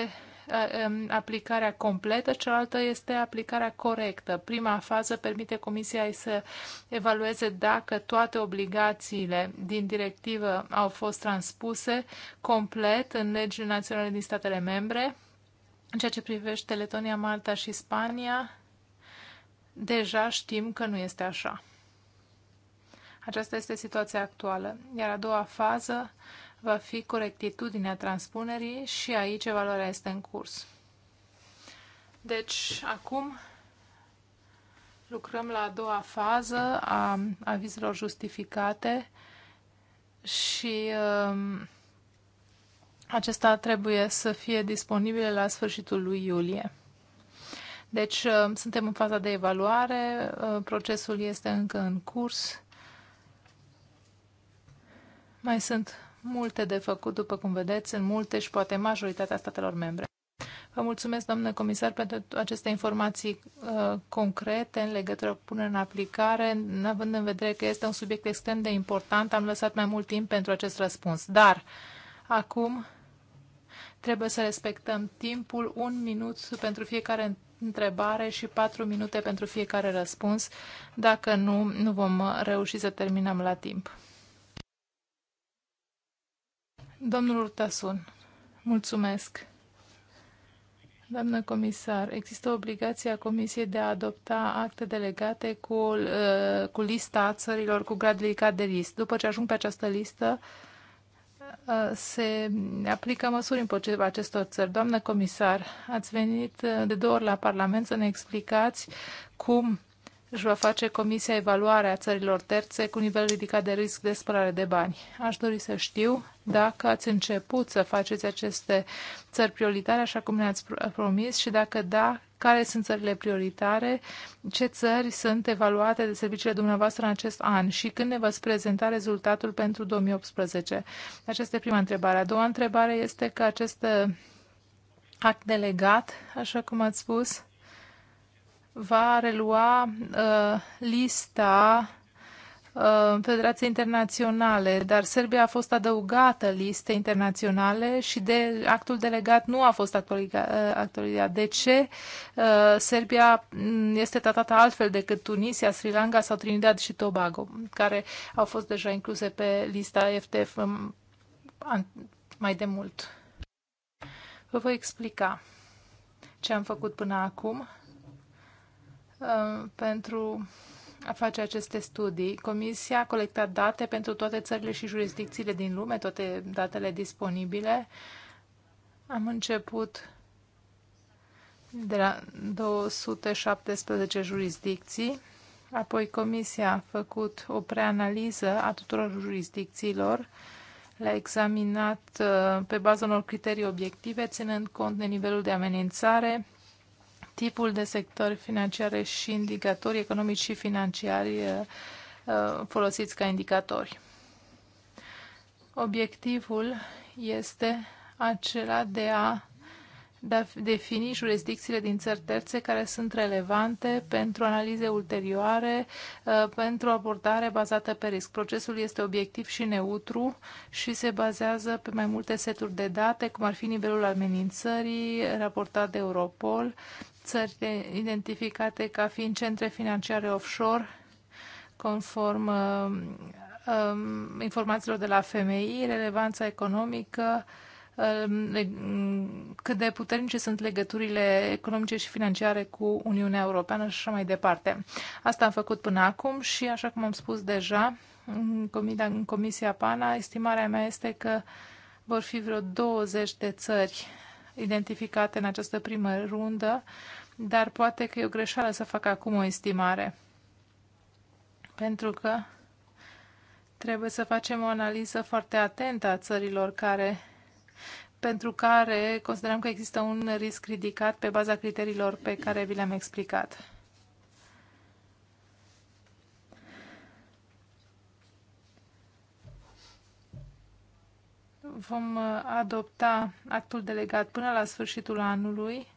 Um, aplicarea completă, cealaltă este aplicarea corectă. Prima fază permite Comisiei să evalueze dacă toate obligațiile din directivă au fost transpuse complet în legile naționale din statele membre. În ceea ce privește Letonia, Malta și Spania, deja știm că nu este așa. Aceasta este situația actuală. Iar a doua fază va fi corectitudinea transpunerii și aici evaluarea este în curs. Deci, acum lucrăm la a doua fază a avizelor justificate și um, acesta trebuie să fie disponibil la sfârșitul lui iulie. Deci, um, suntem în faza de evaluare, uh, procesul este încă în curs. Mai sunt multe de făcut, după cum vedeți, în multe și poate majoritatea statelor membre. Vă mulțumesc, doamnă comisar, pentru aceste informații uh, concrete în legătură cu punerea în aplicare, având în vedere că este un subiect extrem de important. Am lăsat mai mult timp pentru acest răspuns, dar acum trebuie să respectăm timpul, un minut pentru fiecare întrebare și patru minute pentru fiecare răspuns. Dacă nu, nu vom reuși să terminăm la timp. Domnul Urtasun, mulțumesc. Doamnă comisar, există obligația Comisiei de a adopta acte delegate cu, uh, cu lista țărilor cu grad ridicat de risc. După ce ajung pe această listă, uh, se aplică măsuri împotriva acestor țări. Doamnă comisar, ați venit uh, de două ori la Parlament să ne explicați cum își va face Comisia Evaluarea țărilor terțe cu nivel ridicat de risc de spălare de bani. Aș dori să știu dacă ați început să faceți aceste țări prioritare, așa cum ne-ați promis, și dacă da, care sunt țările prioritare, ce țări sunt evaluate de serviciile dumneavoastră în acest an și când ne vă prezenta rezultatul pentru 2018. Aceasta este prima întrebare. A doua întrebare este că acest act delegat, așa cum ați spus, va relua uh, lista uh, Federației Internaționale, dar Serbia a fost adăugată liste internaționale și de actul delegat nu a fost uh, actualizat. De ce uh, Serbia mm, este tratată altfel decât Tunisia, Sri Lanka sau Trinidad și Tobago, care au fost deja incluse pe lista FTF um, mai de mult? Vă voi explica ce am făcut până acum Um, pentru a face aceste studii. Comisia a colectat date pentru toate țările și jurisdicțiile din lume, toate datele disponibile. Am început de la 217 jurisdicții. Apoi Comisia a făcut o preanaliză a tuturor jurisdicțiilor, le-a examinat uh, pe baza unor criterii obiective, ținând cont de nivelul de amenințare, tipul de sectori financiare și indicatori economici și financiari uh, uh, folosiți ca indicatori. Obiectivul este acela de a defini jurisdicțiile din țări terțe care sunt relevante pentru analize ulterioare, uh, pentru abordare bazată pe risc. Procesul este obiectiv și neutru și se bazează pe mai multe seturi de date, cum ar fi nivelul amenințării raportat de Europol, țări identificate ca fiind centre financiare offshore, conform um, um, informațiilor de la FMI, relevanța economică, um, cât de puternice sunt legăturile economice și financiare cu Uniunea Europeană și așa mai departe. Asta am făcut până acum și, așa cum am spus deja, în Comisia PANA, estimarea mea este că vor fi vreo 20 de țări identificate în această primă rundă, dar poate că e o greșeală să fac acum o estimare. Pentru că trebuie să facem o analiză foarte atentă a țărilor care pentru care considerăm că există un risc ridicat pe baza criteriilor pe care vi le-am explicat. vom uh, adopta actul delegat până la sfârșitul anului,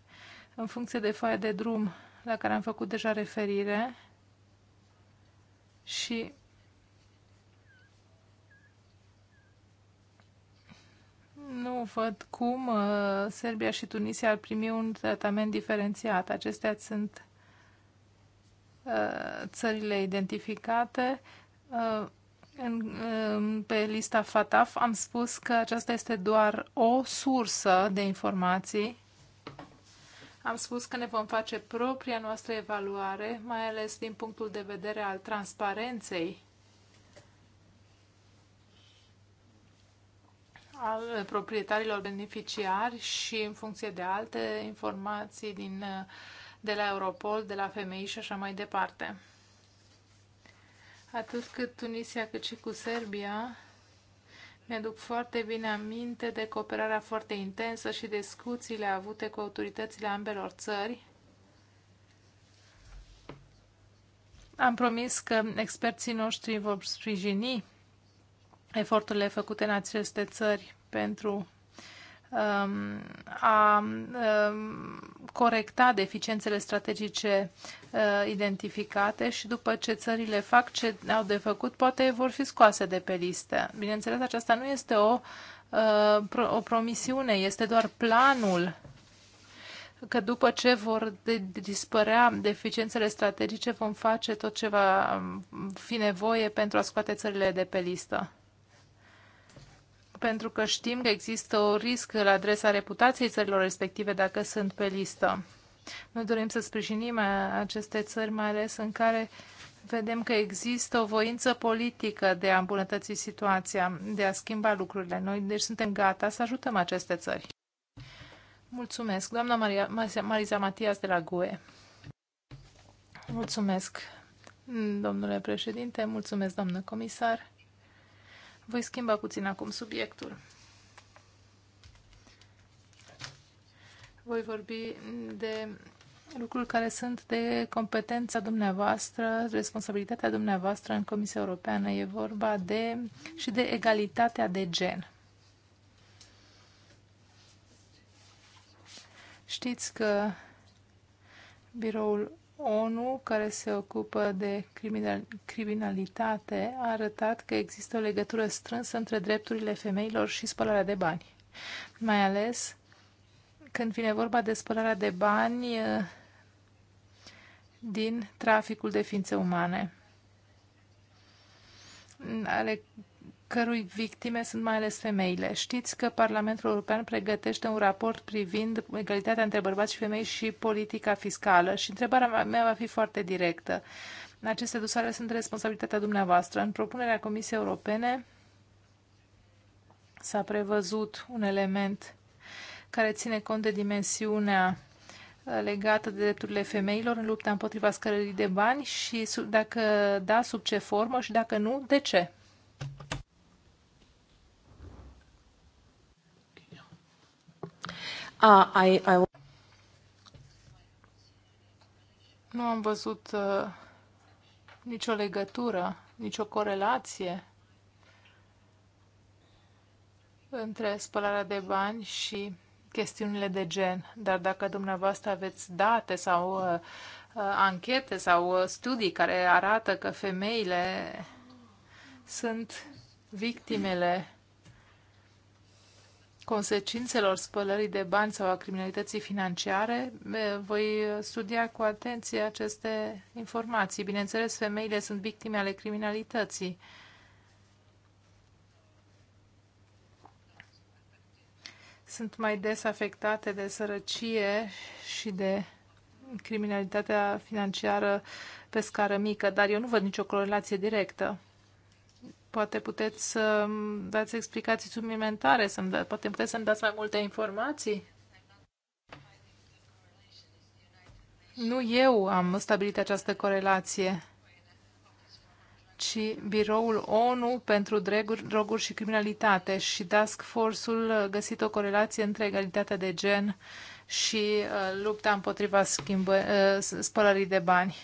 în funcție de foaia de drum la care am făcut deja referire și nu văd cum uh, Serbia și Tunisia ar primi un tratament diferențiat. Acestea sunt uh, țările identificate în, pe lista FATAF am spus că aceasta este doar o sursă de informații. Am spus că ne vom face propria noastră evaluare, mai ales din punctul de vedere al transparenței al proprietarilor beneficiari și în funcție de alte informații din, de la Europol, de la FMI și așa mai departe atât cât Tunisia cât și cu Serbia, mi-aduc foarte bine aminte de cooperarea foarte intensă și discuțiile avute cu autoritățile ambelor țări. Am promis că experții noștri vor sprijini eforturile făcute în aceste țări pentru Um, a um, corecta deficiențele strategice uh, identificate și după ce țările fac ce au de făcut, poate vor fi scoase de pe listă. Bineînțeles, aceasta nu este o, uh, o promisiune, este doar planul că după ce vor de dispărea deficiențele strategice vom face tot ce va um, fi nevoie pentru a scoate țările de pe listă pentru că știm că există un risc la adresa reputației țărilor respective dacă sunt pe listă. Noi dorim să sprijinim aceste țări, mai ales în care vedem că există o voință politică de a îmbunătăți situația, de a schimba lucrurile. Noi deci suntem gata să ajutăm aceste țări. Mulțumesc. Doamna Maria, Mariza Matias de la GUE. Mulțumesc, domnule președinte, mulțumesc, doamnă comisar. Voi schimba puțin acum subiectul. Voi vorbi de lucruri care sunt de competența dumneavoastră, responsabilitatea dumneavoastră în Comisia Europeană. E vorba de și de egalitatea de gen. Știți că biroul ONU, care se ocupă de criminal, criminalitate, a arătat că există o legătură strânsă între drepturile femeilor și spălarea de bani. Mai ales când vine vorba de spălarea de bani eh, din traficul de ființe umane ale cărui victime sunt mai ales femeile. Știți că Parlamentul European pregătește un raport privind egalitatea între bărbați și femei și politica fiscală și întrebarea mea va fi foarte directă. Aceste dosare sunt responsabilitatea dumneavoastră. În propunerea Comisiei Europene s-a prevăzut un element care ține cont de dimensiunea uh, legată de drepturile femeilor în lupta împotriva scărării de bani și dacă da, sub ce formă și dacă nu, de ce? Uh, I, I... Nu am văzut uh, nicio legătură, nicio corelație între spălarea de bani și chestiunile de gen. Dar dacă dumneavoastră aveți date sau uh, uh anchete sau uh, studii care arată că femeile sunt victimele consecințelor spălării de bani sau a criminalității financiare, voi studia cu atenție aceste informații. Bineînțeles, femeile sunt victime ale criminalității. Sunt mai des afectate de sărăcie și de criminalitatea financiară pe scară mică, dar eu nu văd nicio corelație directă. Poate puteți să dați explicații suplimentare, să da, poate puteți să-mi dați mai multe informații. Nu eu am stabilit această corelație, ci Biroul ONU pentru droguri, droguri și criminalitate și Task Force-ul găsit o corelație între egalitatea de gen și uh, lupta împotriva schimbă, uh, spălării de bani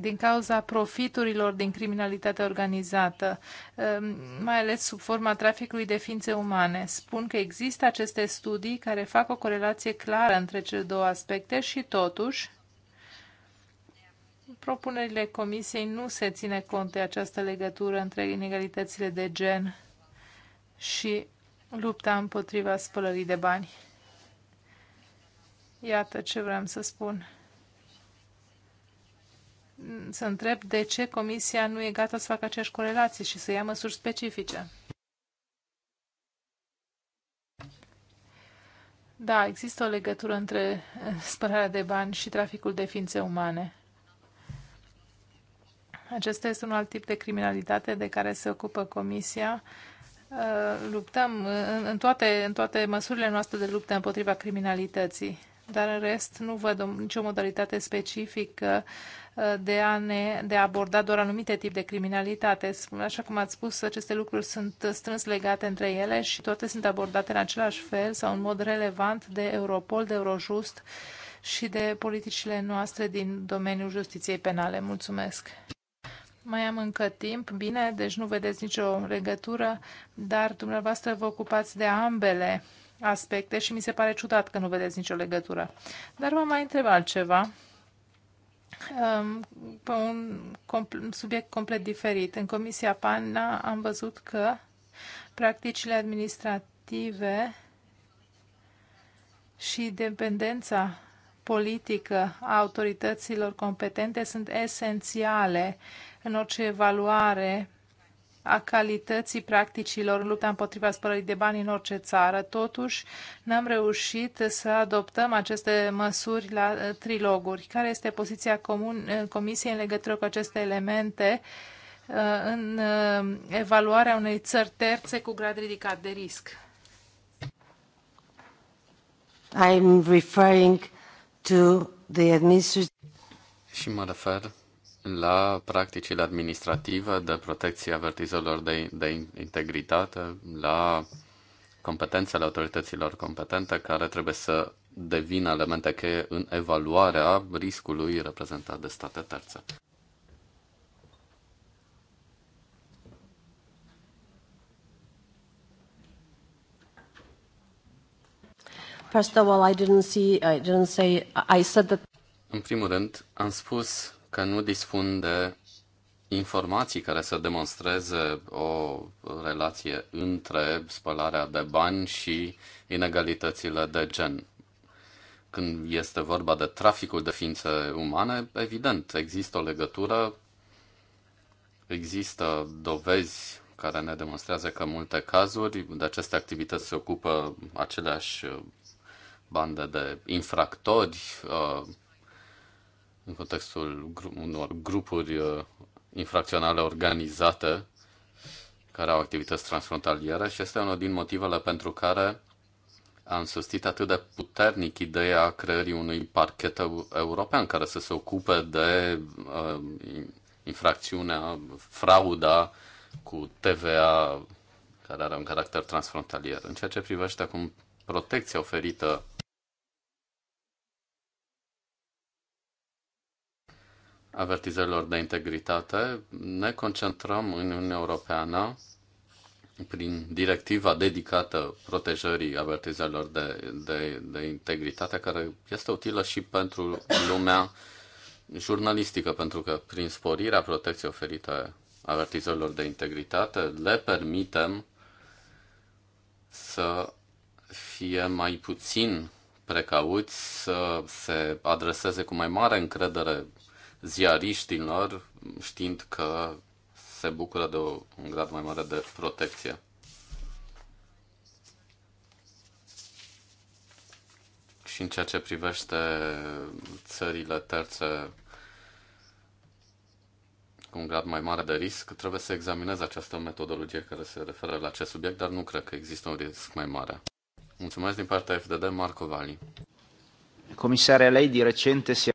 din cauza profiturilor din criminalitatea organizată, um, mai ales sub forma traficului de ființe umane. Spun că există aceste studii care fac o corelație clară între cele două aspecte și totuși propunerile Comisiei nu se ține cont de această legătură între inegalitățile de gen și lupta împotriva spălării de bani. Iată ce vreau să spun să întreb de ce Comisia nu e gata să facă aceeași corelație și să ia măsuri specifice. Da, există o legătură între eh, spălarea de bani și traficul de ființe umane. Acesta este un alt tip de criminalitate de care se ocupă Comisia. Eh, luptăm eh, în toate, în toate măsurile noastre de luptă împotriva criminalității dar în rest nu văd nicio modalitate specifică uh, de a, ne, de a aborda doar anumite tip de criminalitate. Așa cum ați spus, aceste lucruri sunt strâns legate între ele și toate sunt abordate în același fel sau în mod relevant de Europol, de Eurojust și de politicile noastre din domeniul justiției penale. Mulțumesc! Mai am încă timp, bine, deci nu vedeți nicio legătură, dar dumneavoastră vă ocupați de ambele aspecte și mi se pare ciudat că nu vedeți nicio legătură. Dar mă mai întreb altceva um, pe un subiect complet diferit. În Comisia PANA am văzut că practicile administrative și dependența politică a autorităților competente sunt esențiale în orice evaluare a calității practicilor în lupta împotriva spălării de bani în orice țară. Totuși, n-am reușit să adoptăm aceste măsuri la uh, triloguri. Care este poziția comun, uh, Comisiei în legătură cu aceste elemente uh, în evaluarea unei țări terțe cu grad ridicat de risc? I'm referring to the administrative... Și mă refer la practicile administrative de protecție avertizorilor de, de integritate, la competențele autorităților competente care trebuie să devină elemente cheie în evaluarea riscului reprezentat de state terțe. First of all, I didn't see, I didn't say, I said that. În primul rând, am spus că nu dispun de informații care să demonstreze o relație între spălarea de bani și inegalitățile de gen. Când este vorba de traficul de ființe umane, evident, există o legătură, există dovezi care ne demonstrează că în multe cazuri de aceste activități se ocupă aceleași bande de infractori, uh, în contextul unor grupuri uh, infracționale organizate care au activități transfrontaliere și este unul din motivele pentru care am susținut atât de puternic ideea creării unui parchet european care să se ocupe de uh, infracțiunea, frauda cu TVA care are un caracter transfrontalier. În ceea ce privește acum protecția oferită avertizărilor de integritate, ne concentrăm în Uniunea Europeană prin directiva dedicată protejării avertizărilor de, de, de integritate, care este utilă și pentru lumea jurnalistică, pentru că prin sporirea protecției oferite avertizărilor de integritate, le permitem să fie mai puțin precauți, să se adreseze cu mai mare încredere ziariștilor, știind că se bucură de o, un grad mai mare de protecție. Și în ceea ce privește țările terțe cu un grad mai mare de risc, trebuie să examinez această metodologie care se referă la acest subiect, dar nu cred că există un risc mai mare. Mulțumesc din partea FDD, Marco Vali. Comisarea lei de recente si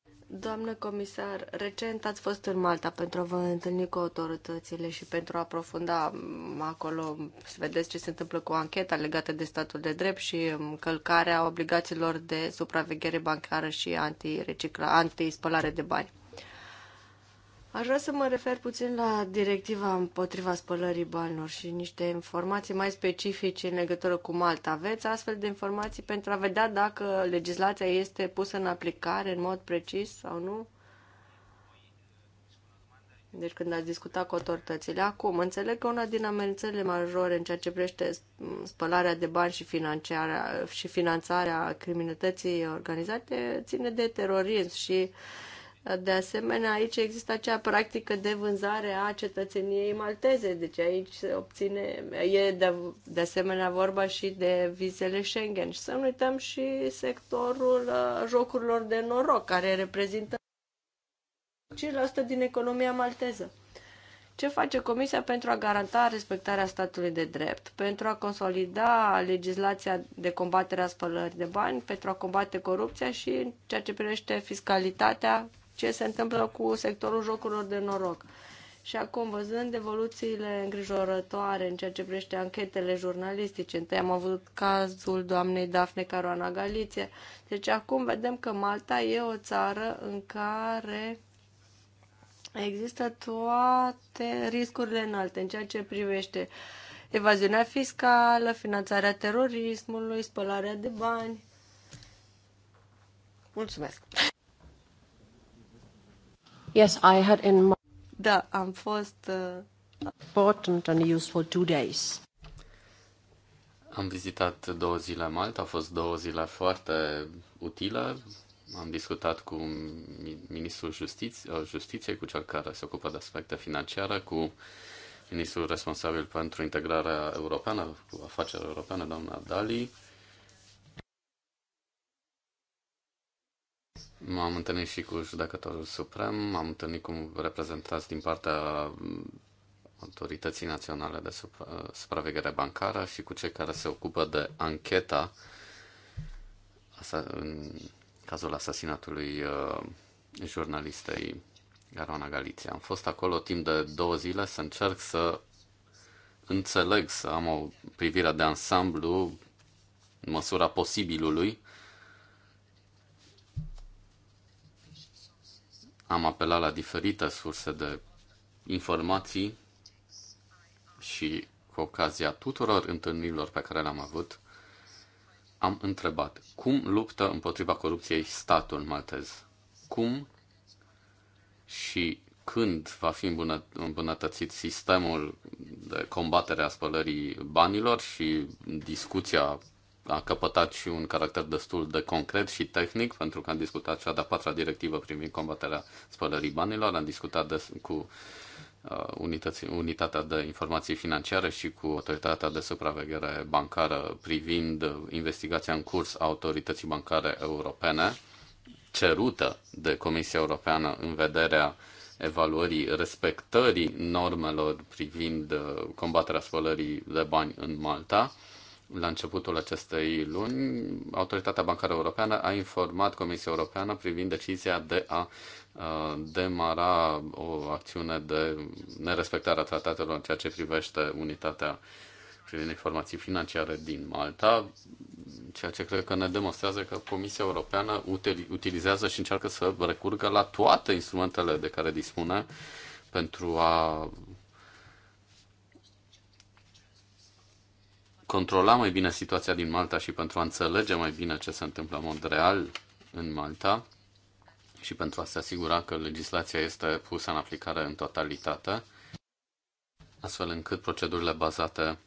Doamnă comisar, recent ați fost în Malta pentru a vă întâlni cu autoritățile și pentru a aprofunda acolo, să vedeți ce se întâmplă cu ancheta legată de statul de drept și încălcarea obligațiilor de supraveghere bancară și anti-spălare anti de bani. Aș vrea să mă refer puțin la directiva împotriva spălării banilor și niște informații mai specifice în legătură cu Malta. Aveți astfel de informații pentru a vedea dacă legislația este pusă în aplicare în mod precis sau nu? Deci când ați discutat cu autoritățile. Acum, înțeleg că una din amenințările majore în ceea ce privește spălarea de bani și, și finanțarea criminalității organizate ține de terorism și uh, de asemenea, aici există acea practică de vânzare a cetățeniei malteze, deci aici se obține, e de, de asemenea vorba și de vizele Schengen. Și să nu uităm și sectorul uh, jocurilor de noroc, care reprezintă 5% din economia malteză. Ce face Comisia pentru a garanta respectarea statului de drept, pentru a consolida legislația de combatere a spălării de bani, pentru a combate corupția și în ceea ce privește fiscalitatea, ce se întâmplă cu sectorul jocurilor de noroc. Și acum, văzând evoluțiile îngrijorătoare în ceea ce privește anchetele jurnalistice, întâi am avut cazul doamnei Dafne Caruana Galiție. Deci acum vedem că Malta e o țară în care există toate riscurile înalte în ceea ce privește evaziunea fiscală, finanțarea terorismului, spălarea de bani. Mulțumesc! Yes, I had in Da, am fost uh... important and useful two days. Am vizitat două zile Malta, au fost două zile foarte utile. Am discutat cu ministrul uh, justiției, justiție, cu cel care se ocupă de aspecte financiare, cu ministrul responsabil pentru integrarea europeană, cu afaceri europeană, doamna Dali M-am întâlnit și cu judecătorul suprem, m-am întâlnit cu reprezentanți din partea Autorității Naționale de Supraveghere Bancară și cu cei care se ocupă de ancheta în cazul asasinatului uh, jurnalistei Garona Galiția. Am fost acolo timp de două zile să încerc să înțeleg, să am o privire de ansamblu în măsura posibilului Am apelat la diferite surse de informații și cu ocazia tuturor întâlnirilor pe care le-am avut, am întrebat cum luptă împotriva corupției statul maltez? Cum și când va fi îmbunătățit sistemul de combatere a spălării banilor și discuția a căpătat și un caracter destul de concret și tehnic, pentru că am discutat cea de-a patra directivă privind combaterea spălării banilor, am discutat des, cu uh, unități, unitatea de informații financiare și cu autoritatea de supraveghere bancară privind investigația în curs a autorității bancare europene cerută de Comisia Europeană în vederea evaluării respectării normelor privind uh, combaterea spălării de bani în Malta la începutul acestei luni, Autoritatea Bancară Europeană a informat Comisia Europeană privind decizia de a demara o acțiune de nerespectare a tratatelor în ceea ce privește unitatea privind informații financiare din Malta, ceea ce cred că ne demonstrează că Comisia Europeană utilizează și încearcă să recurgă la toate instrumentele de care dispune pentru a controla mai bine situația din Malta și pentru a înțelege mai bine ce se întâmplă în mod real în Malta și pentru a se asigura că legislația este pusă în aplicare în totalitate, astfel încât procedurile bazate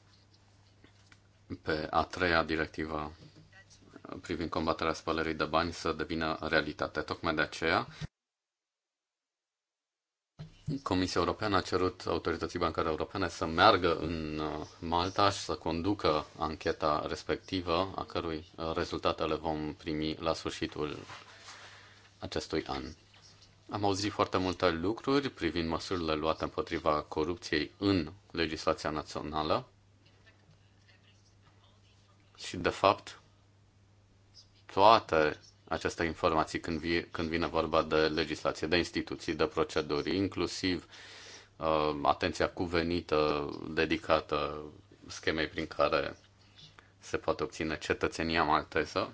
pe a treia directivă privind combaterea spălării de bani să devină realitate. Tocmai de aceea Comisia Europeană a cerut autorității bancare europene să meargă în uh, Malta și să conducă ancheta respectivă, a cărui uh, rezultate le vom primi la sfârșitul acestui an. Am auzit foarte multe lucruri privind măsurile luate împotriva corupției în legislația națională și, de fapt, toate aceste informații când, vi, când vine vorba de legislație, de instituții, de proceduri, inclusiv uh, atenția cuvenită dedicată schemei prin care se poate obține cetățenia malteză.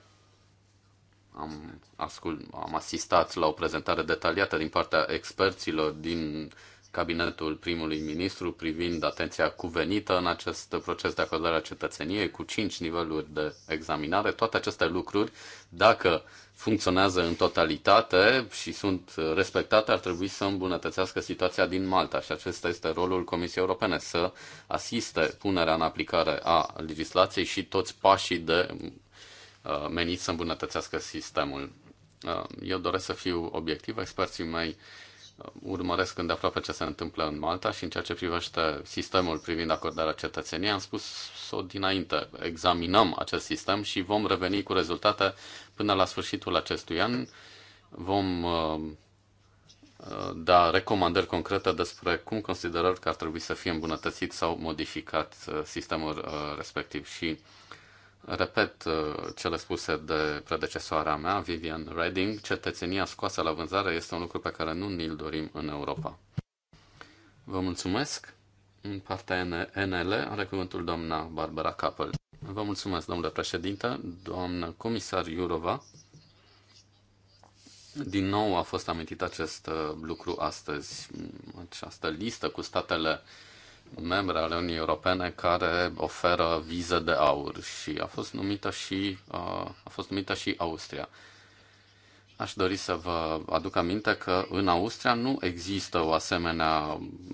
Am, ascult, am asistat la o prezentare detaliată din partea experților din cabinetul primului ministru privind atenția cuvenită în acest proces de acordare a cetățeniei cu cinci niveluri de examinare. Toate aceste lucruri, dacă funcționează în totalitate și sunt respectate, ar trebui să îmbunătățească situația din Malta și acesta este rolul Comisiei Europene, să asiste punerea în aplicare a legislației și toți pașii de uh, meniți să îmbunătățească sistemul. Uh, eu doresc să fiu obiectiv, experții mei urmăresc când aproape ce se întâmplă în Malta și în ceea ce privește sistemul privind acordarea cetățeniei, am spus-o dinainte, examinăm acest sistem și vom reveni cu rezultate până la sfârșitul acestui an. Vom uh, uh, da recomandări concrete despre cum considerăm că ar trebui să fie îmbunătățit sau modificat uh, sistemul respectiv și Repet uh, cele spuse de predecesoarea mea, Vivian Redding, cetățenia scoasă la vânzare este un lucru pe care nu ni-l dorim în Europa. Vă mulțumesc. În partea NL are cuvântul doamna Barbara Capel. Vă mulțumesc, domnule președinte, doamnă comisar Iurova. Din nou a fost amintit acest uh, lucru astăzi, această listă cu statele uh, membre ale Uniunii Europene care oferă vize de aur și a fost numită și, uh, a fost numită și Austria. Aș dori să vă aduc aminte că în Austria nu există o asemenea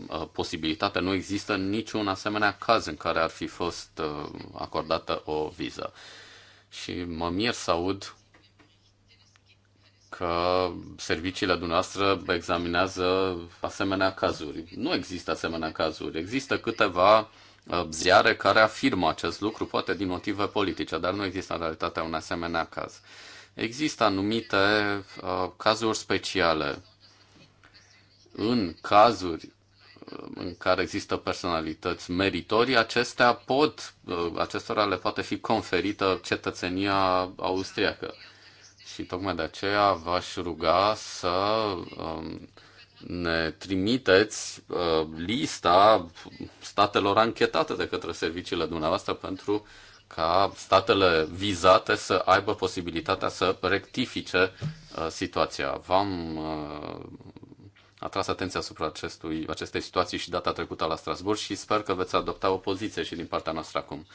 uh, posibilitate, nu există niciun asemenea caz în care ar fi fost uh, acordată o viză. Și mă mir să aud că serviciile dumneavoastră examinează asemenea cazuri. Nu există asemenea cazuri. Există câteva uh, ziare care afirmă acest lucru, poate din motive politice, dar nu există în realitate un asemenea caz. Există anumite uh, cazuri speciale. În cazuri uh, în care există personalități meritorii, acestea pot, acestora le poate fi conferită cetățenia austriacă. Și tocmai de aceea v-aș ruga să um, ne trimiteți uh, lista statelor anchetate de către serviciile dumneavoastră pentru ca statele vizate să aibă posibilitatea să rectifice uh, situația. V-am uh, atras atenția asupra acestui, acestei situații și data trecută la Strasburg și sper că veți adopta o poziție și din partea noastră acum.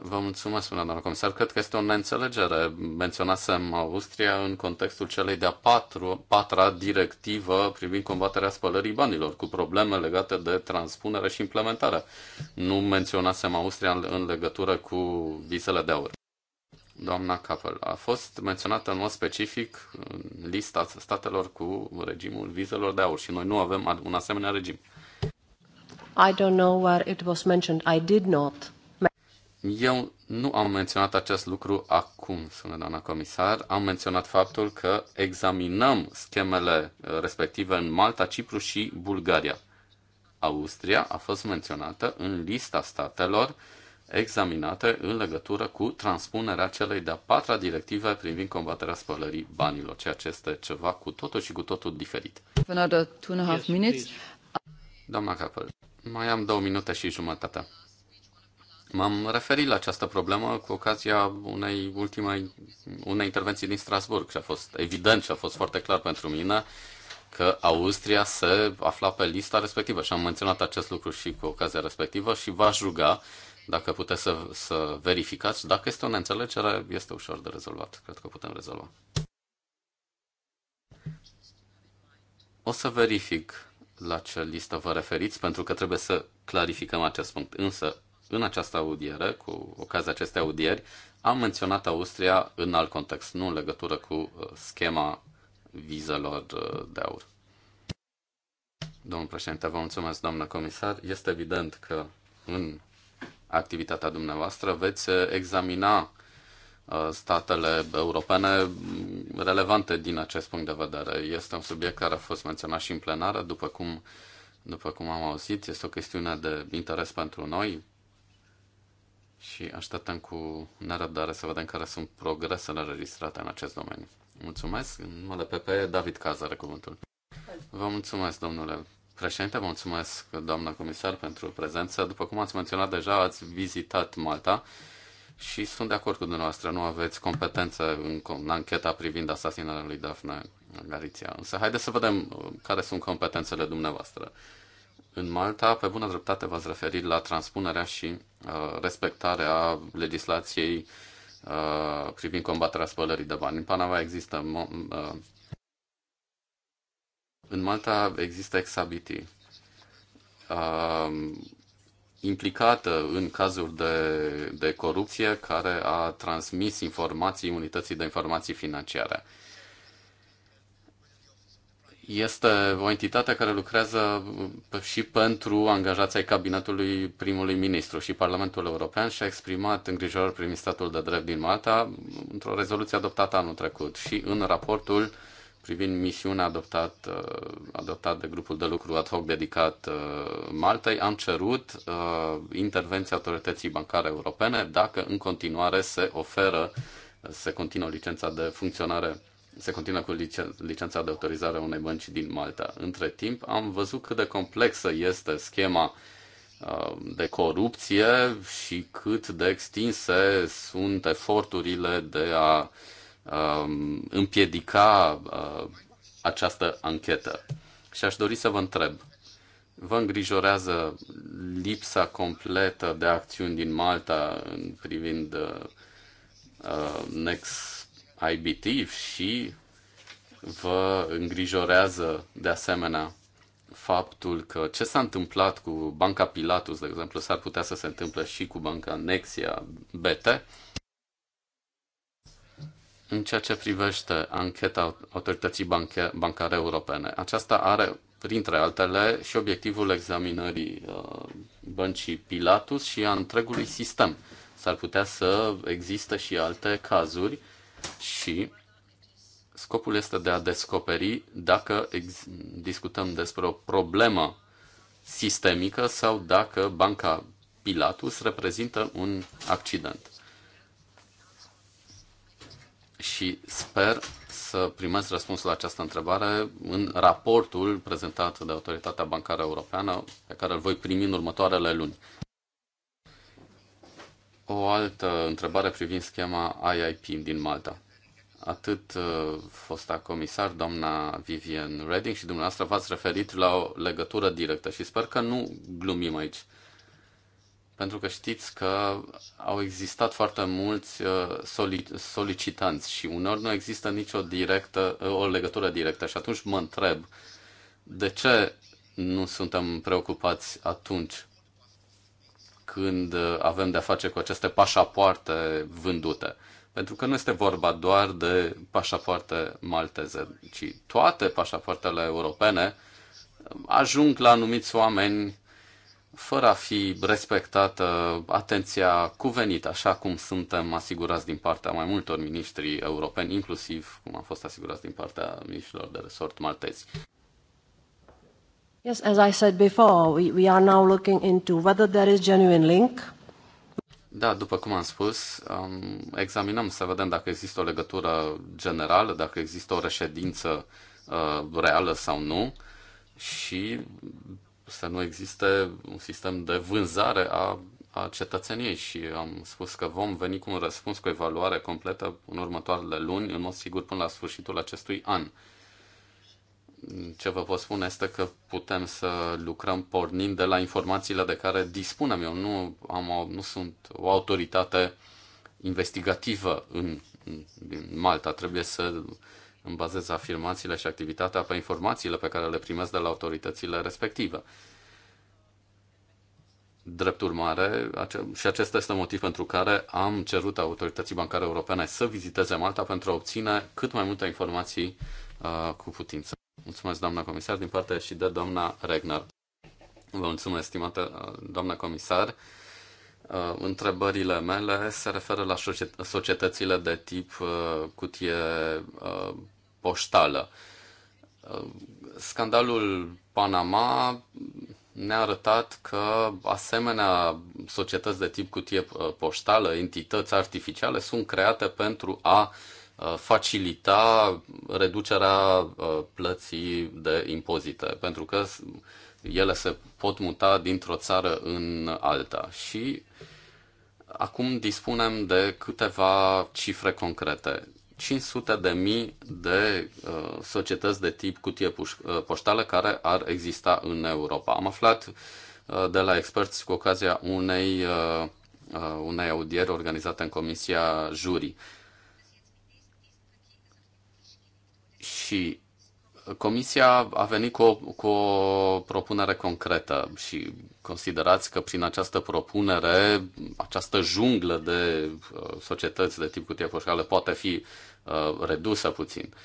Vă mulțumesc, spune doamnă comisar. Cred că este o neînțelegere. Menționasem Austria în contextul celei de-a patru, patra directivă privind combaterea spălării banilor, cu probleme legate de transpunere și implementare. Nu menționasem Austria în, în legătură cu visele de aur. Doamna Capel, a fost menționată în mod specific în lista statelor cu regimul vizelor de aur și noi nu avem un asemenea regim. I don't know where it was mentioned. I did not eu nu am menționat acest lucru acum, spune doamna comisar. Am menționat faptul că examinăm schemele uh, respective în Malta, Cipru și Bulgaria. Austria a fost menționată în lista statelor examinate în legătură cu transpunerea celei de-a patra directive privind combaterea spălării banilor, ceea ce este ceva cu totul și cu totul diferit. Another two and a half minutes. Doamna Capel, mai am două minute și jumătate. M-am referit la această problemă cu ocazia unei ultime, unei intervenții din Strasburg și a fost evident și a fost foarte clar pentru mine că Austria se afla pe lista respectivă și am menționat acest lucru și cu ocazia respectivă și v-aș ruga dacă puteți să, să verificați. Dacă este o neînțelegere, este ușor de rezolvat. Cred că putem rezolva. O să verific la ce listă vă referiți, pentru că trebuie să clarificăm acest punct. Însă, în această audiere, cu ocazia acestei audieri, am menționat Austria în alt context, nu în legătură cu uh, schema vizelor uh, de aur. Domnul președinte, vă mulțumesc, doamnă comisar. Este evident că în activitatea dumneavoastră veți uh, examina statele europene mm, relevante din acest punct de vedere. Este un subiect care a fost menționat și în plenară, după cum, după cum am auzit, este o chestiune de interes pentru noi, și așteptăm cu nerăbdare să vedem care sunt progresele înregistrate în acest domeniu. Mulțumesc. În numele PP, David Caz are cuvântul. Vă mulțumesc, domnule președinte, vă mulțumesc, doamna comisar, pentru prezență. După cum ați menționat deja, ați vizitat Malta și sunt de acord cu dumneavoastră, nu aveți competență în, în ancheta privind asasinarea lui Daphne Gariția. Însă haideți să vedem uh, care sunt competențele dumneavoastră în Malta, pe bună dreptate v-ați referit la transpunerea și uh, respectarea legislației uh, privind combaterea spălării de bani. În Panama există. Uh, în Malta există Exabiti. uh, implicată în cazuri de, de corupție care a transmis informații unității de informații financiare este o entitate care lucrează uh, și pentru angajații cabinetului primului ministru și Parlamentul European și a exprimat îngrijorări prin statul de drept din Malta într-o rezoluție adoptată anul trecut și în raportul privind misiunea adoptat, uh, adoptat de grupul de lucru ad hoc dedicat uh, Maltei, am cerut intervenția autorității bancare europene dacă în continuare se oferă, se continuă licența de funcționare se continuă cu licența de autorizare a unei bănci din Malta. Între timp, am văzut cât de complexă este schema uh, de corupție și cât de extinse sunt eforturile de a um, împiedica uh, această anchetă. Și aș dori să vă întreb, vă îngrijorează lipsa completă de acțiuni din Malta privind uh, uh Next IBT și vă îngrijorează de asemenea faptul că ce s-a întâmplat cu banca Pilatus, de exemplu, s-ar putea să se întâmple și cu banca Nexia BT. În ceea ce privește ancheta autorității banche, bancare europene, aceasta are, printre altele, și obiectivul examinării uh, băncii Pilatus și a întregului sistem. S-ar putea să existe și alte cazuri și scopul este de a descoperi dacă discutăm despre o problemă sistemică sau dacă banca Pilatus reprezintă un accident. Și sper să primesc răspunsul la această întrebare în raportul prezentat de Autoritatea Bancară Europeană, pe care îl voi primi în următoarele luni. O altă întrebare privind schema IIP din Malta. Atât uh, fosta comisar, doamna Vivian Redding și dumneavoastră v-ați referit la o legătură directă și sper că nu glumim aici. Pentru că știți că au existat foarte mulți uh, solicitanți și uneori nu există nicio directă, uh, o legătură directă și atunci mă întreb de ce nu suntem preocupați atunci când uh, avem de-a face cu aceste pașapoarte vândute. Pentru că nu este vorba doar de pașapoarte malteze, ci toate pașapoartele europene um, ajung la anumiți oameni fără a fi respectată atenția cuvenită, așa cum suntem asigurați din partea mai multor miniștri europeni, inclusiv cum am fost asigurați din partea miniștrilor de resort maltezi. Yes, as I said before, we, we are now looking into whether there is genuine link. Da, după cum am spus, um, examinăm să vedem dacă există o legătură generală, dacă există o reședință uh, reală sau nu și să nu existe un sistem de vânzare a, a cetățeniei și am spus că vom veni cu un răspuns cu o evaluare completă în următoarele luni, în mod sigur până la sfârșitul acestui an ce vă pot spune este că putem să lucrăm pornind de la informațiile de care dispunem. Eu nu, am, nu sunt o autoritate investigativă în, în Malta. Trebuie să îmi bazez afirmațiile și activitatea pe informațiile pe care le primesc de la autoritățile respective. Drept urmare, și acesta este motiv pentru care am cerut autorității bancare europene să viziteze Malta pentru a obține cât mai multe informații uh, cu putință. Mulțumesc, doamna comisar, din partea și de doamna Regner. Vă mulțumesc, estimată uh, doamna comisar. Uh, întrebările mele se referă la societățile de tip uh, cutie poștală. Scandalul Panama ne-a arătat că asemenea societăți de tip cutie poștală, entități artificiale, sunt create pentru a uh, Uh, facilita reducerea uh, plății de impozite, pentru că ele se pot muta dintr-o țară în alta. Și acum dispunem de câteva cifre concrete. 500 de mii de uh, societăți de tip cutie poștală care ar exista în Europa. Am aflat de la experți cu ocazia unei, unei audieri organizate în Comisia Jurii. Și Comisia a venit cu o, cu o propunere concretă și considerați că prin această propunere, această junglă de uh, societăți de tip cutie poșcală poate fi uh, redusă puțin. Uh,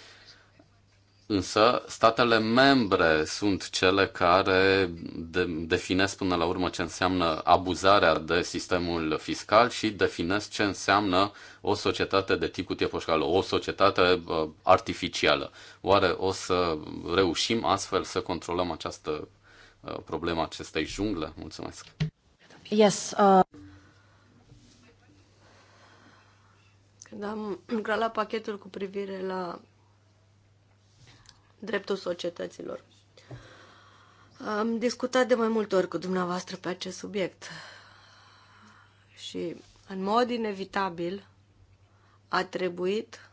Însă, statele membre sunt cele care de, definesc până la urmă ce înseamnă abuzarea de sistemul fiscal și definesc ce înseamnă o societate de tip cutie poșcală, o societate uh, artificială. Oare o să reușim astfel să controlăm această uh, problemă acestei jungle? Mulțumesc! Yes, uh... Când am lucrat la pachetul cu privire la dreptul societăților. Am discutat de mai multe ori cu dumneavoastră pe acest subiect și, în mod inevitabil, a trebuit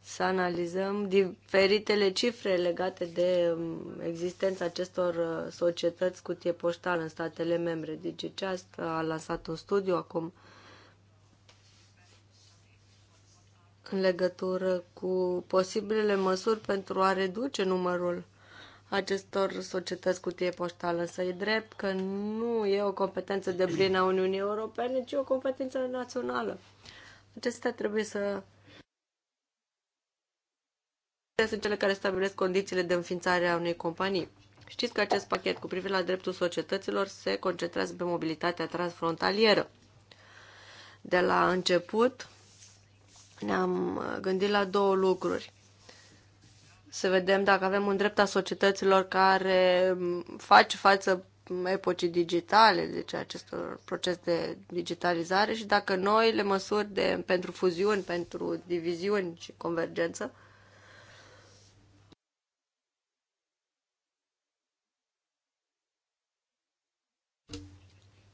să analizăm diferitele cifre legate de um, existența acestor uh, societăți cutie poștală în statele membre. Deci aceasta a lansat un studiu acum în legătură cu posibilele măsuri pentru a reduce numărul acestor societăți cutie poștală. Însă e drept că nu e o competență de plină a Uniunii Europene, ci o competență națională. Acestea trebuie să sunt cele care stabilesc condițiile de înființare a unei companii. Știți că acest pachet cu privire la dreptul societăților se concentrează pe mobilitatea transfrontalieră. De la început, ne-am uh, gândit la două lucruri. Să vedem dacă avem un drept a societăților care um, face față um, epocii digitale, deci acestor proces de digitalizare și dacă noile măsuri de, pentru fuziuni, pentru diviziuni și convergență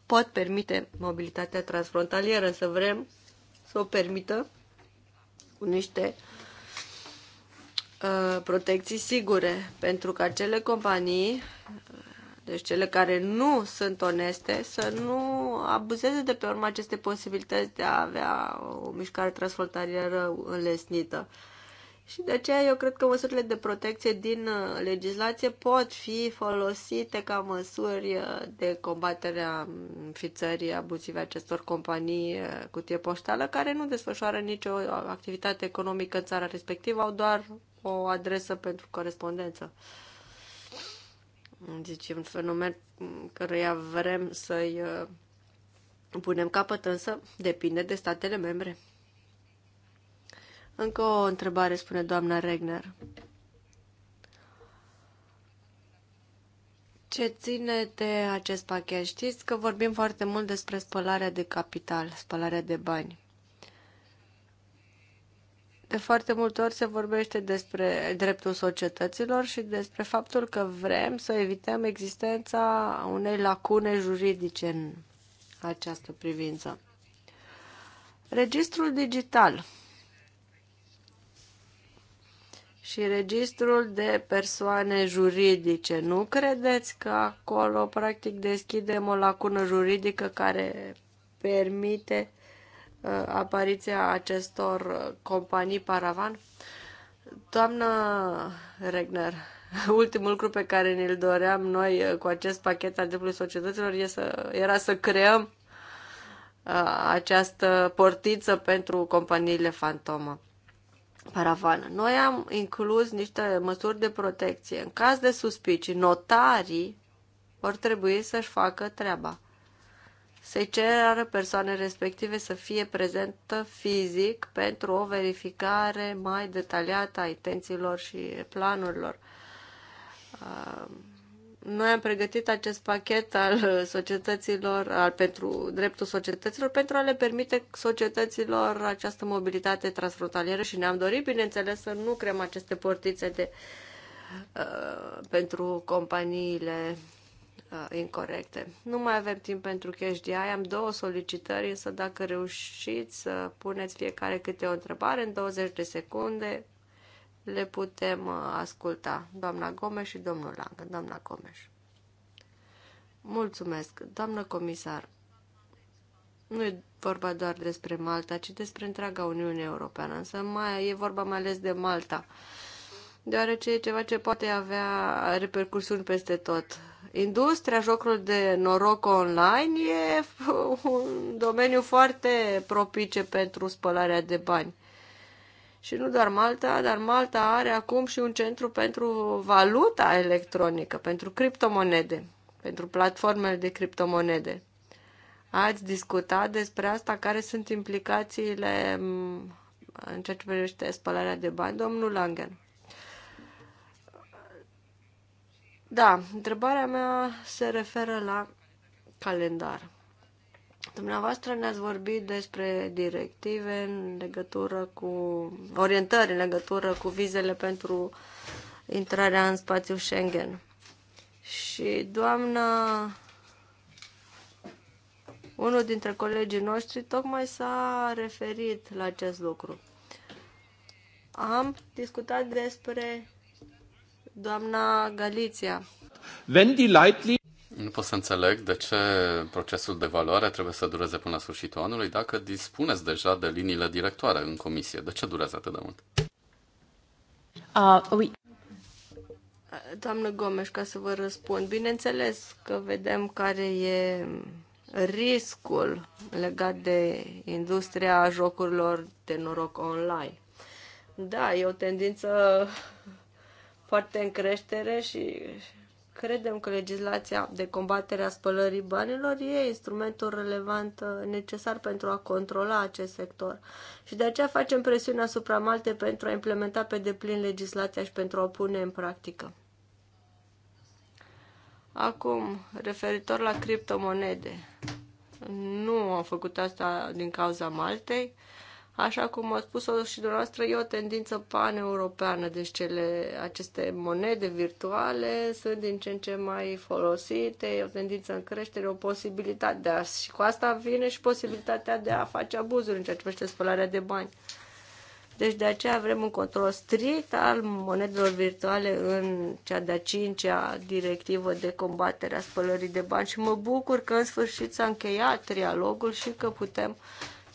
pot permite mobilitatea transfrontalieră, să vrem să o permită cu niște uh, protecții sigure, pentru ca cele companii, uh, deci cele care nu sunt oneste, să nu abuzeze de pe urma aceste posibilități de a avea o mișcare transfrontalieră înlesnită. Uh, și de aceea eu cred că măsurile de protecție din uh, legislație pot fi folosite ca măsuri uh, de combatere a înfițării abuzive acestor companii uh, cutie poștală care nu desfășoară nicio activitate economică în țara respectivă, au doar o adresă pentru corespondență. Deci e un fenomen căruia vrem să-i punem capăt, însă depinde de statele membre. Încă o întrebare, spune doamna Regner. Ce ține de acest pachet? Știți că vorbim foarte mult despre spălarea de capital, spălarea de bani. De foarte multe ori se vorbește despre dreptul societăților și despre faptul că vrem să evităm existența unei lacune juridice în această privință. Registrul digital și registrul de persoane juridice. Nu credeți că acolo, practic, deschidem o lacună juridică care permite uh, apariția acestor uh, companii paravan? Doamnă Regner, ultimul lucru pe care ne-l doream noi uh, cu acest pachet al dreptului societăților era să creăm uh, această portiță pentru companiile fantomă paravană. Noi am inclus niște măsuri de protecție. În caz de suspicii, notarii vor trebui să-și facă treaba. Se ceră persoane respective să fie prezentă fizic pentru o verificare mai detaliată a intențiilor și planurilor. Uh, noi am pregătit acest pachet al societăților, al pentru dreptul societăților, pentru a le permite societăților această mobilitate transfrontalieră și ne-am dorit, bineînțeles, să nu creăm aceste portițe de, uh, pentru companiile uh, incorrecte. Nu mai avem timp pentru cash am două solicitări, însă dacă reușiți să puneți fiecare câte o întrebare în 20 de secunde, le putem uh, asculta, doamna Gomes și domnul Lang, doamna Gomes. Mulțumesc, doamnă comisar. Nu e vorba doar despre Malta, ci despre întreaga Uniune Europeană, însă mai e vorba mai ales de Malta, deoarece e ceva ce poate avea repercursiuni peste tot. Industria jocurilor de noroc online e un domeniu foarte propice pentru spălarea de bani. Și nu doar Malta, dar Malta are acum și un centru pentru valuta electronică, pentru criptomonede, pentru platformele de criptomonede. Ați discutat despre asta, care sunt implicațiile mm, în ceea ce privește spălarea de bani, domnul Langen. Da, întrebarea mea se referă la calendar. Dumneavoastră ne-ați vorbit despre directive în legătură cu orientări în legătură cu vizele pentru intrarea în spațiul Schengen. Și doamna unul dintre colegii noștri tocmai s-a referit la acest lucru. Am discutat despre doamna Galiția. Wenn die Leitlinien nu pot să înțeleg de ce procesul de valoare trebuie să dureze până la sfârșitul anului dacă dispuneți deja de liniile directoare în comisie. De ce durează atât de mult? Uh, oui. Doamnă Gomes, ca să vă răspund, bineînțeles că vedem care e riscul legat de industria jocurilor de noroc online. Da, e o tendință foarte în creștere și Credem că legislația de combatere a spălării banilor e instrumentul relevant uh, necesar pentru a controla acest sector și de aceea facem presiune asupra Malte pentru a implementa pe deplin legislația și pentru a o pune în practică. Acum, referitor la criptomonede. Nu am făcut asta din cauza Maltei. Uh, Așa cum a spus-o și dumneavoastră, e o tendință paneuropeană, deci cele, aceste monede virtuale sunt din ce în ce mai folosite, e o tendință în creștere, o posibilitate de a, și cu asta vine și posibilitatea de a face abuzuri în ceea ce privește spălarea de bani. Deci de aceea avem un control strict al monedelor virtuale în cea de-a cincea directivă de combatere a spălării de bani și mă bucur că în sfârșit s-a încheiat trialogul și că putem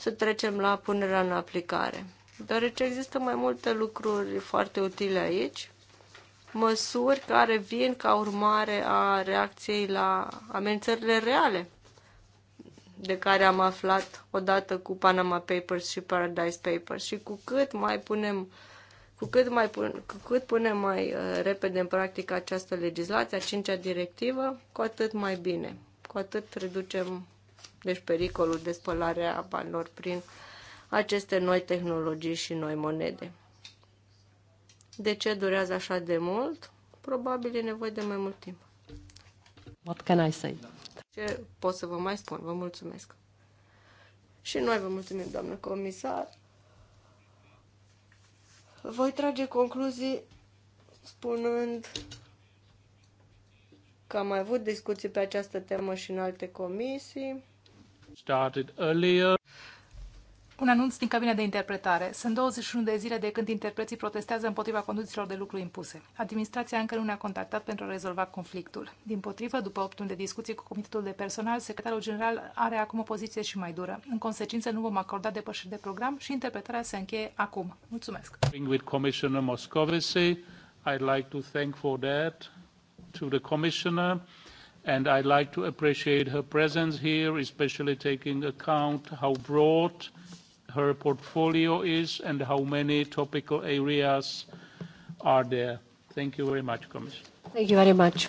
să trecem la punerea în aplicare. Deoarece există mai multe lucruri foarte utile aici, măsuri care vin ca urmare a reacției la amenințările reale de care am aflat odată cu Panama Papers și Paradise Papers și cu cât mai punem cu cât, mai pun, cu cât punem mai uh, repede în practică această legislație, a cincea directivă, cu atât mai bine, cu atât reducem deci pericolul de spălare a banilor prin aceste noi tehnologii și noi monede. De ce durează așa de mult? Probabil e nevoie de mai mult timp. What can I say? Ce pot să vă mai spun? Vă mulțumesc. Și noi vă mulțumim, doamnă comisar. Voi trage concluzii spunând că am mai avut discuții pe această temă și în alte comisii. Started earlier. Un anunț din cabina de interpretare. Sunt 21 de zile de când interpreții protestează împotriva condițiilor de lucru impuse. Administrația încă nu ne-a contactat pentru a rezolva conflictul. Din potrivă, după 8 luni de discuții cu Comitetul de Personal, secretarul general are acum o poziție și mai dură. În consecință, nu vom acorda depășiri de program și interpretarea se încheie acum. Mulțumesc! With Commissioner Moscovici, I'd like to thank for that to the Commissioner and I'd like to appreciate her presence here, especially taking account how broad her portfolio is and how many topical areas are there. Thank you very much, Commissioner. Thank you very much.